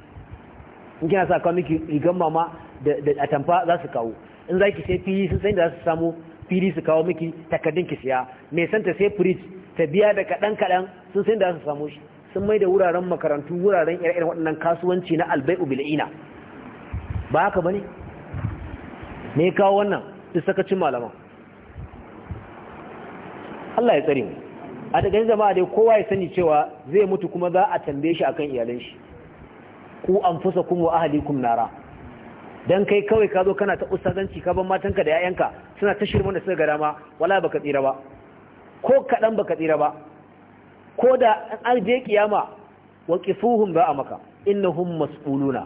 in kina sa kawo miki rigar mama da atamfa za su kawo in za ki sai fili sun san da za su samu fili su kawo miki takardun ki siya mai santa sai firij ta biya da kaɗan kaɗan sun san da za su samu shi sun mai da wuraren makarantu wuraren ire-iren waɗannan kasuwanci na albai ubila'ina. ba haka ba ne ne kawo wannan duk sakacin malaman Allah ya tsare mu a daga zama dai kowa ya sani cewa zai mutu kuma za a tambaye shi akan iyalan shi ku an anfusakum kuma ahlikum nara dan kai kawai ka zo kana ta ustazanci ka ban matanka da 'ya'yanka suna ta shirman da suka ga dama wala baka tsira ba ko kaɗan baka tsira ba ko da an je kiyama wa qifuhum ba a maka innahum mas'uluna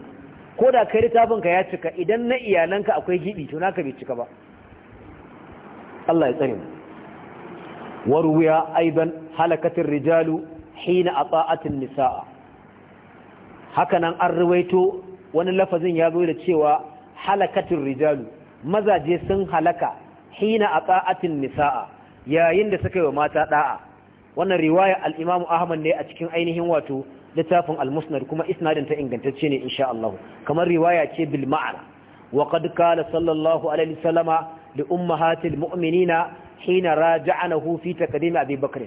ko da kai littafin ka ya cika idan na iyalanka akwai gibi to naka bai cika ba Allah ya tsare mu waruwa aiban halakatin rijalu hina a tsa'atin nisa'a hakanan an ruwaito wani lafazin ya zo da cewa halakatin rijalu mazaje sun halaka hina a tsa'atin nisa'a yayin da suka yi wa mata ɗa'a wannan riwaya al'imamu ahmad ne a cikin ainihin wato littafin almusnad kuma isnadin ta ingantacce ne insha Allah kamar riwaya ce bil ma'ana wa qad qala sallallahu alaihi wasallama li ummahatil mu'minina hina raja'anahu fi taqdim Abi Bakr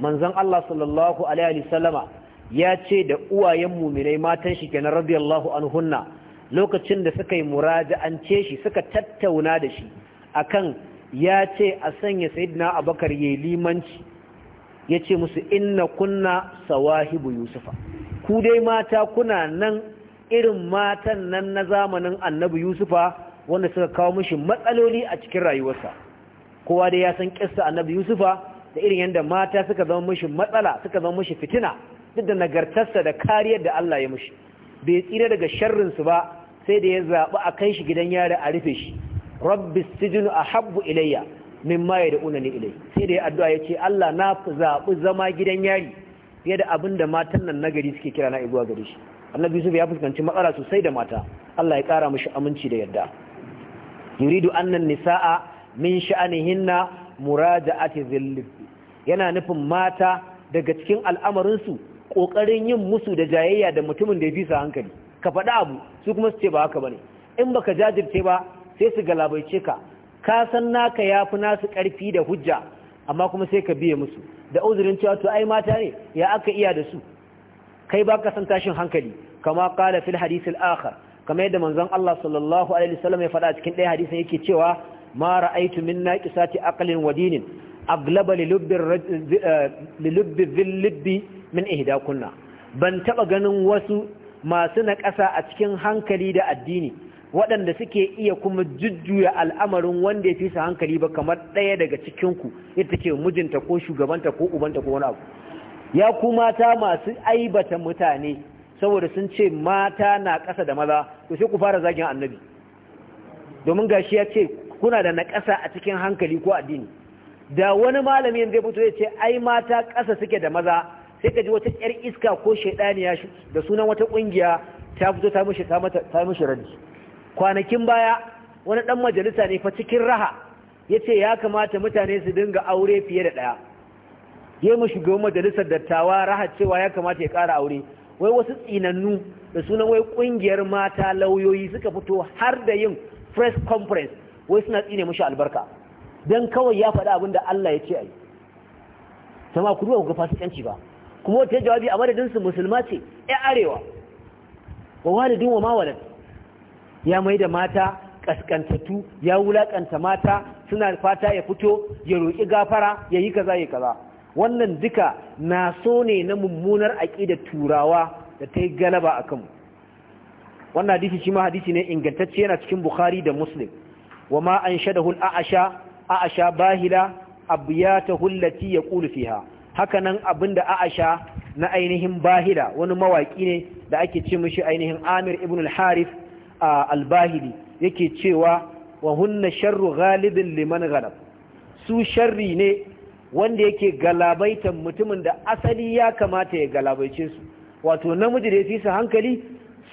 manzon Allah sallallahu alaihi wasallama ya ce da uwayen mu'minai matan shi kenan radiyallahu anhunna lokacin da suka yi muraja'ance shi suka tattauna da shi akan ya ce a sanya sayyidina Abakar yayi limanci ya ce musu inna kunna sawahibu yusufa ku dai mata kuna nan irin matan nan na zamanin annabi yusufa wanda suka kawo mishi matsaloli a cikin rayuwarsa kowa dai ya san kissa annabi yusufa da irin yadda mata suka zama mishi matsala suka zama mishi fitina duk da nagartarsa da kariyar da Allah ya mushi. bai tsira daga sharrin su ba sai da ya zaɓi a kan shi gidan yari a rufe shi rabbi sijinu ahabbu ilayya mimma yad'una ni ilai sai da ya addu'a ya ce Allah na zaɓi zama gidan yari fiye da abin da matan nan nagari suke kira na iguwa gare shi annabi yusuf ya fuskanci matsala sosai da mata Allah ya kara mushi aminci da yadda yuridu annan nisa'a min sha'anihinna muraja'ati dhillibbi yana nufin mata daga cikin al'amarinsu ƙoƙarin yin musu da jayayya da mutumin da ya fi sa hankali ka faɗa abu su kuma su ce ba haka bane in baka jajirce ba sai su galabaice ka ka san naka yafi nasu karfi da hujja amma kuma sai ka biye musu da uzurin cewa to ai mata ne ya aka iya da su kai baka san tashin hankali kama qala fil hadith al akhar kamar yadda manzon Allah sallallahu alaihi wasallam ya faɗa cikin ɗaya hadisin yake cewa ma ra'aytu min naqisati aqlin wa dinin aglaba li lubbi min ihda kunna ban taba ganin wasu masu na ƙasa a cikin hankali da addini waɗanda suke iya kuma jujjuya al'amarin wanda ya fi su hankali ba kamar ɗaya daga cikinku ita take mijinta ko shugabanta ko ubanta ko wani abu ya ku mata masu aibata mutane saboda sun ce mata na ƙasa da maza ku sai ku fara zagin annabi domin gashi ya ce kuna da naƙasa a cikin hankali ko addini da wani malami yanzu zai fito ya ce ai mata ƙasa suke da maza sai ka ji wata ƴar iska ko shaidaniya da sunan wata ƙungiya ta fito ta mishi ta ta mishi radi kwanakin baya wani dan majalisa ne fa cikin raha yace ya kamata mutane su dinga aure fiye da daya yayi mu shugaban majalisar dattawa raha cewa ya kamata ya ƙara aure wai wasu tsinannu da sunan wai ƙungiyar mata lauyoyi suka fito har da yin press conference wai suna tsine mashi albarka dan kawai ya faɗi abin da Allah ya ce a yi sama ku duba ku fasikanci ba kuma wata jawabi a madadin su musulma ce ya arewa wa walidin wa mawalad ya mai da mata kaskantattu ya wulakanta mata suna fata ya fito ya roƙi gafara ya yi kaza ya kaza wannan duka na so ne na mummunar aƙidar turawa da ta yi galaba a kanmu wannan hadisi shi ma hadisi ne ingantacce yana cikin bukhari da muslim wa ma anshadahu al-a'sha a'sha bahila abyatahu allati yaqulu fiha nan abinda a'sha na ainihin bahila wani mawaki ne da ake ce mishi ainihin Amir ibn al-Harith al-Bahili yake cewa wa hunna sharru ghalibin liman ghalab su sharri ne wanda yake galabaitan mutumin da asali ya kamata ya galabaice su wato namiji da ya fi su hankali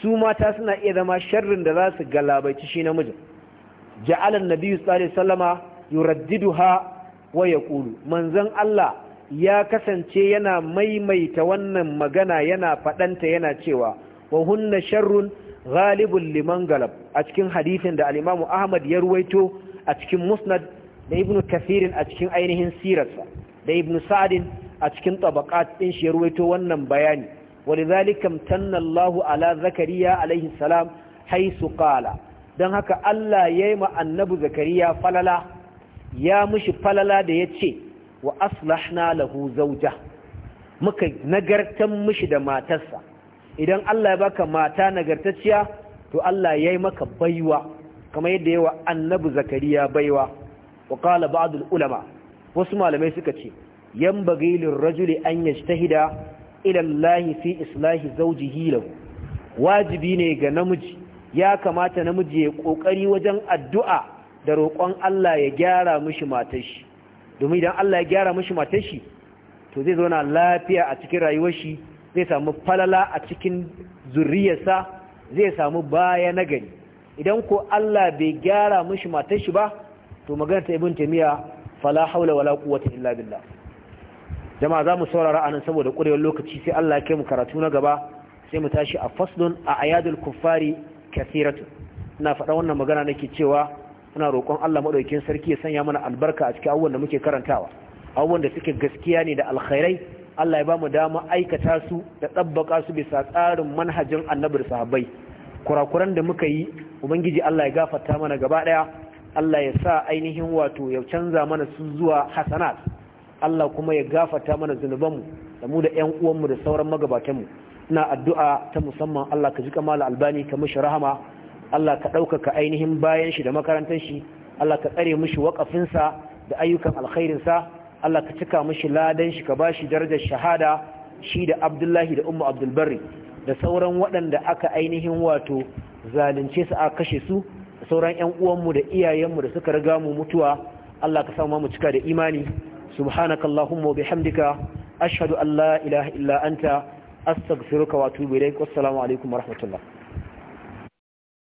su mata suna iya zama sharrin da za su galabaici shi namiji. ja'alan nabi sallallahu alaihi wasallama yuraddiduha wa yaqulu manzon Allah ya kasance yana maimaita wannan magana yana fadanta yana cewa wa hunna sharrun ghalibun liman galab a cikin hadisin da al-Imam Ahmad ya ruwaito a cikin Musnad da Ibn Kathir a cikin ainihin sirarsa da Ibn Sa'd a cikin tabaqat din shi ya ruwaito wannan bayani walidhalika tanna Allahu ala Zakariya alaihi salam haythu qala don haka Allah ya yi annabi zakariya falala ya mushi falala da ya ce wa aslahna lahu zauja muka nagartan mushi da matarsa idan Allah ya baka mata nagartacciya to Allah ya yi maka baiwa kamar yadda yawa annabi zakariya baiwa wa kala ba'd ulama wasu malamai suka ce 'Yan Bagailin rajuli an yajtahida ila Allah fi islahi zawjihi lahu wajibi ne ga namiji ya kamata namiji ya kokari wajen addu'a da roƙon Allah ya gyara mishi matar domin idan Allah ya gyara mishi matar shi to zai zauna lafiya a cikin rayuwar shi zai samu falala a cikin zuriyarsa zai samu baya na gari idan ko Allah bai gyara mishi matar ba to magana ta ibn taymiya fala haula wala quwwata illa billah jama'a zamu saurara anan saboda kurewar lokaci sai Allah ya kai mu karatu na gaba sai mu tashi a faslun a ayadul kuffari kathiratu na faɗa wannan magana nake cewa ina roƙon Allah madaukakin sarki ya sanya mana albarka a cikin abubuwan da muke karantawa abubuwan da suke gaskiya ne da alkhairai Allah ya ba mu dama aikata su da tabbaka su bisa tsarin manhajin annabi da sahabbai kurakuran da muka yi ubangiji Allah ya gafarta mana gaba daya Allah ya sa ainihin wato ya canza mana su zuwa hasanat Allah kuma ya gafarta mana zunubanmu da mu da ƴan uwanmu da sauran magabatanmu ina addu'a ta musamman Allah ka ji kamala albani ka mishi rahama Allah ka ɗaukaka ainihin bayan shi da makarantar shi Allah ka tsare mishi waƙafinsa da ayyukan alkhairinsa Allah ka cika mishi ladan shi ka ba shi darajar shahada shi da Abdullahi da Umma Abdulbari da sauran waɗanda aka ainihin wato zalunce su a kashe su da sauran ƴan uwanmu da iyayenmu da suka riga mu mutuwa Allah ka samu mu cika da imani subhanakallahumma wa bihamdika ashhadu an la ilaha illa anta astaghfiruka wa atubu ilaik assalamu alaikum wa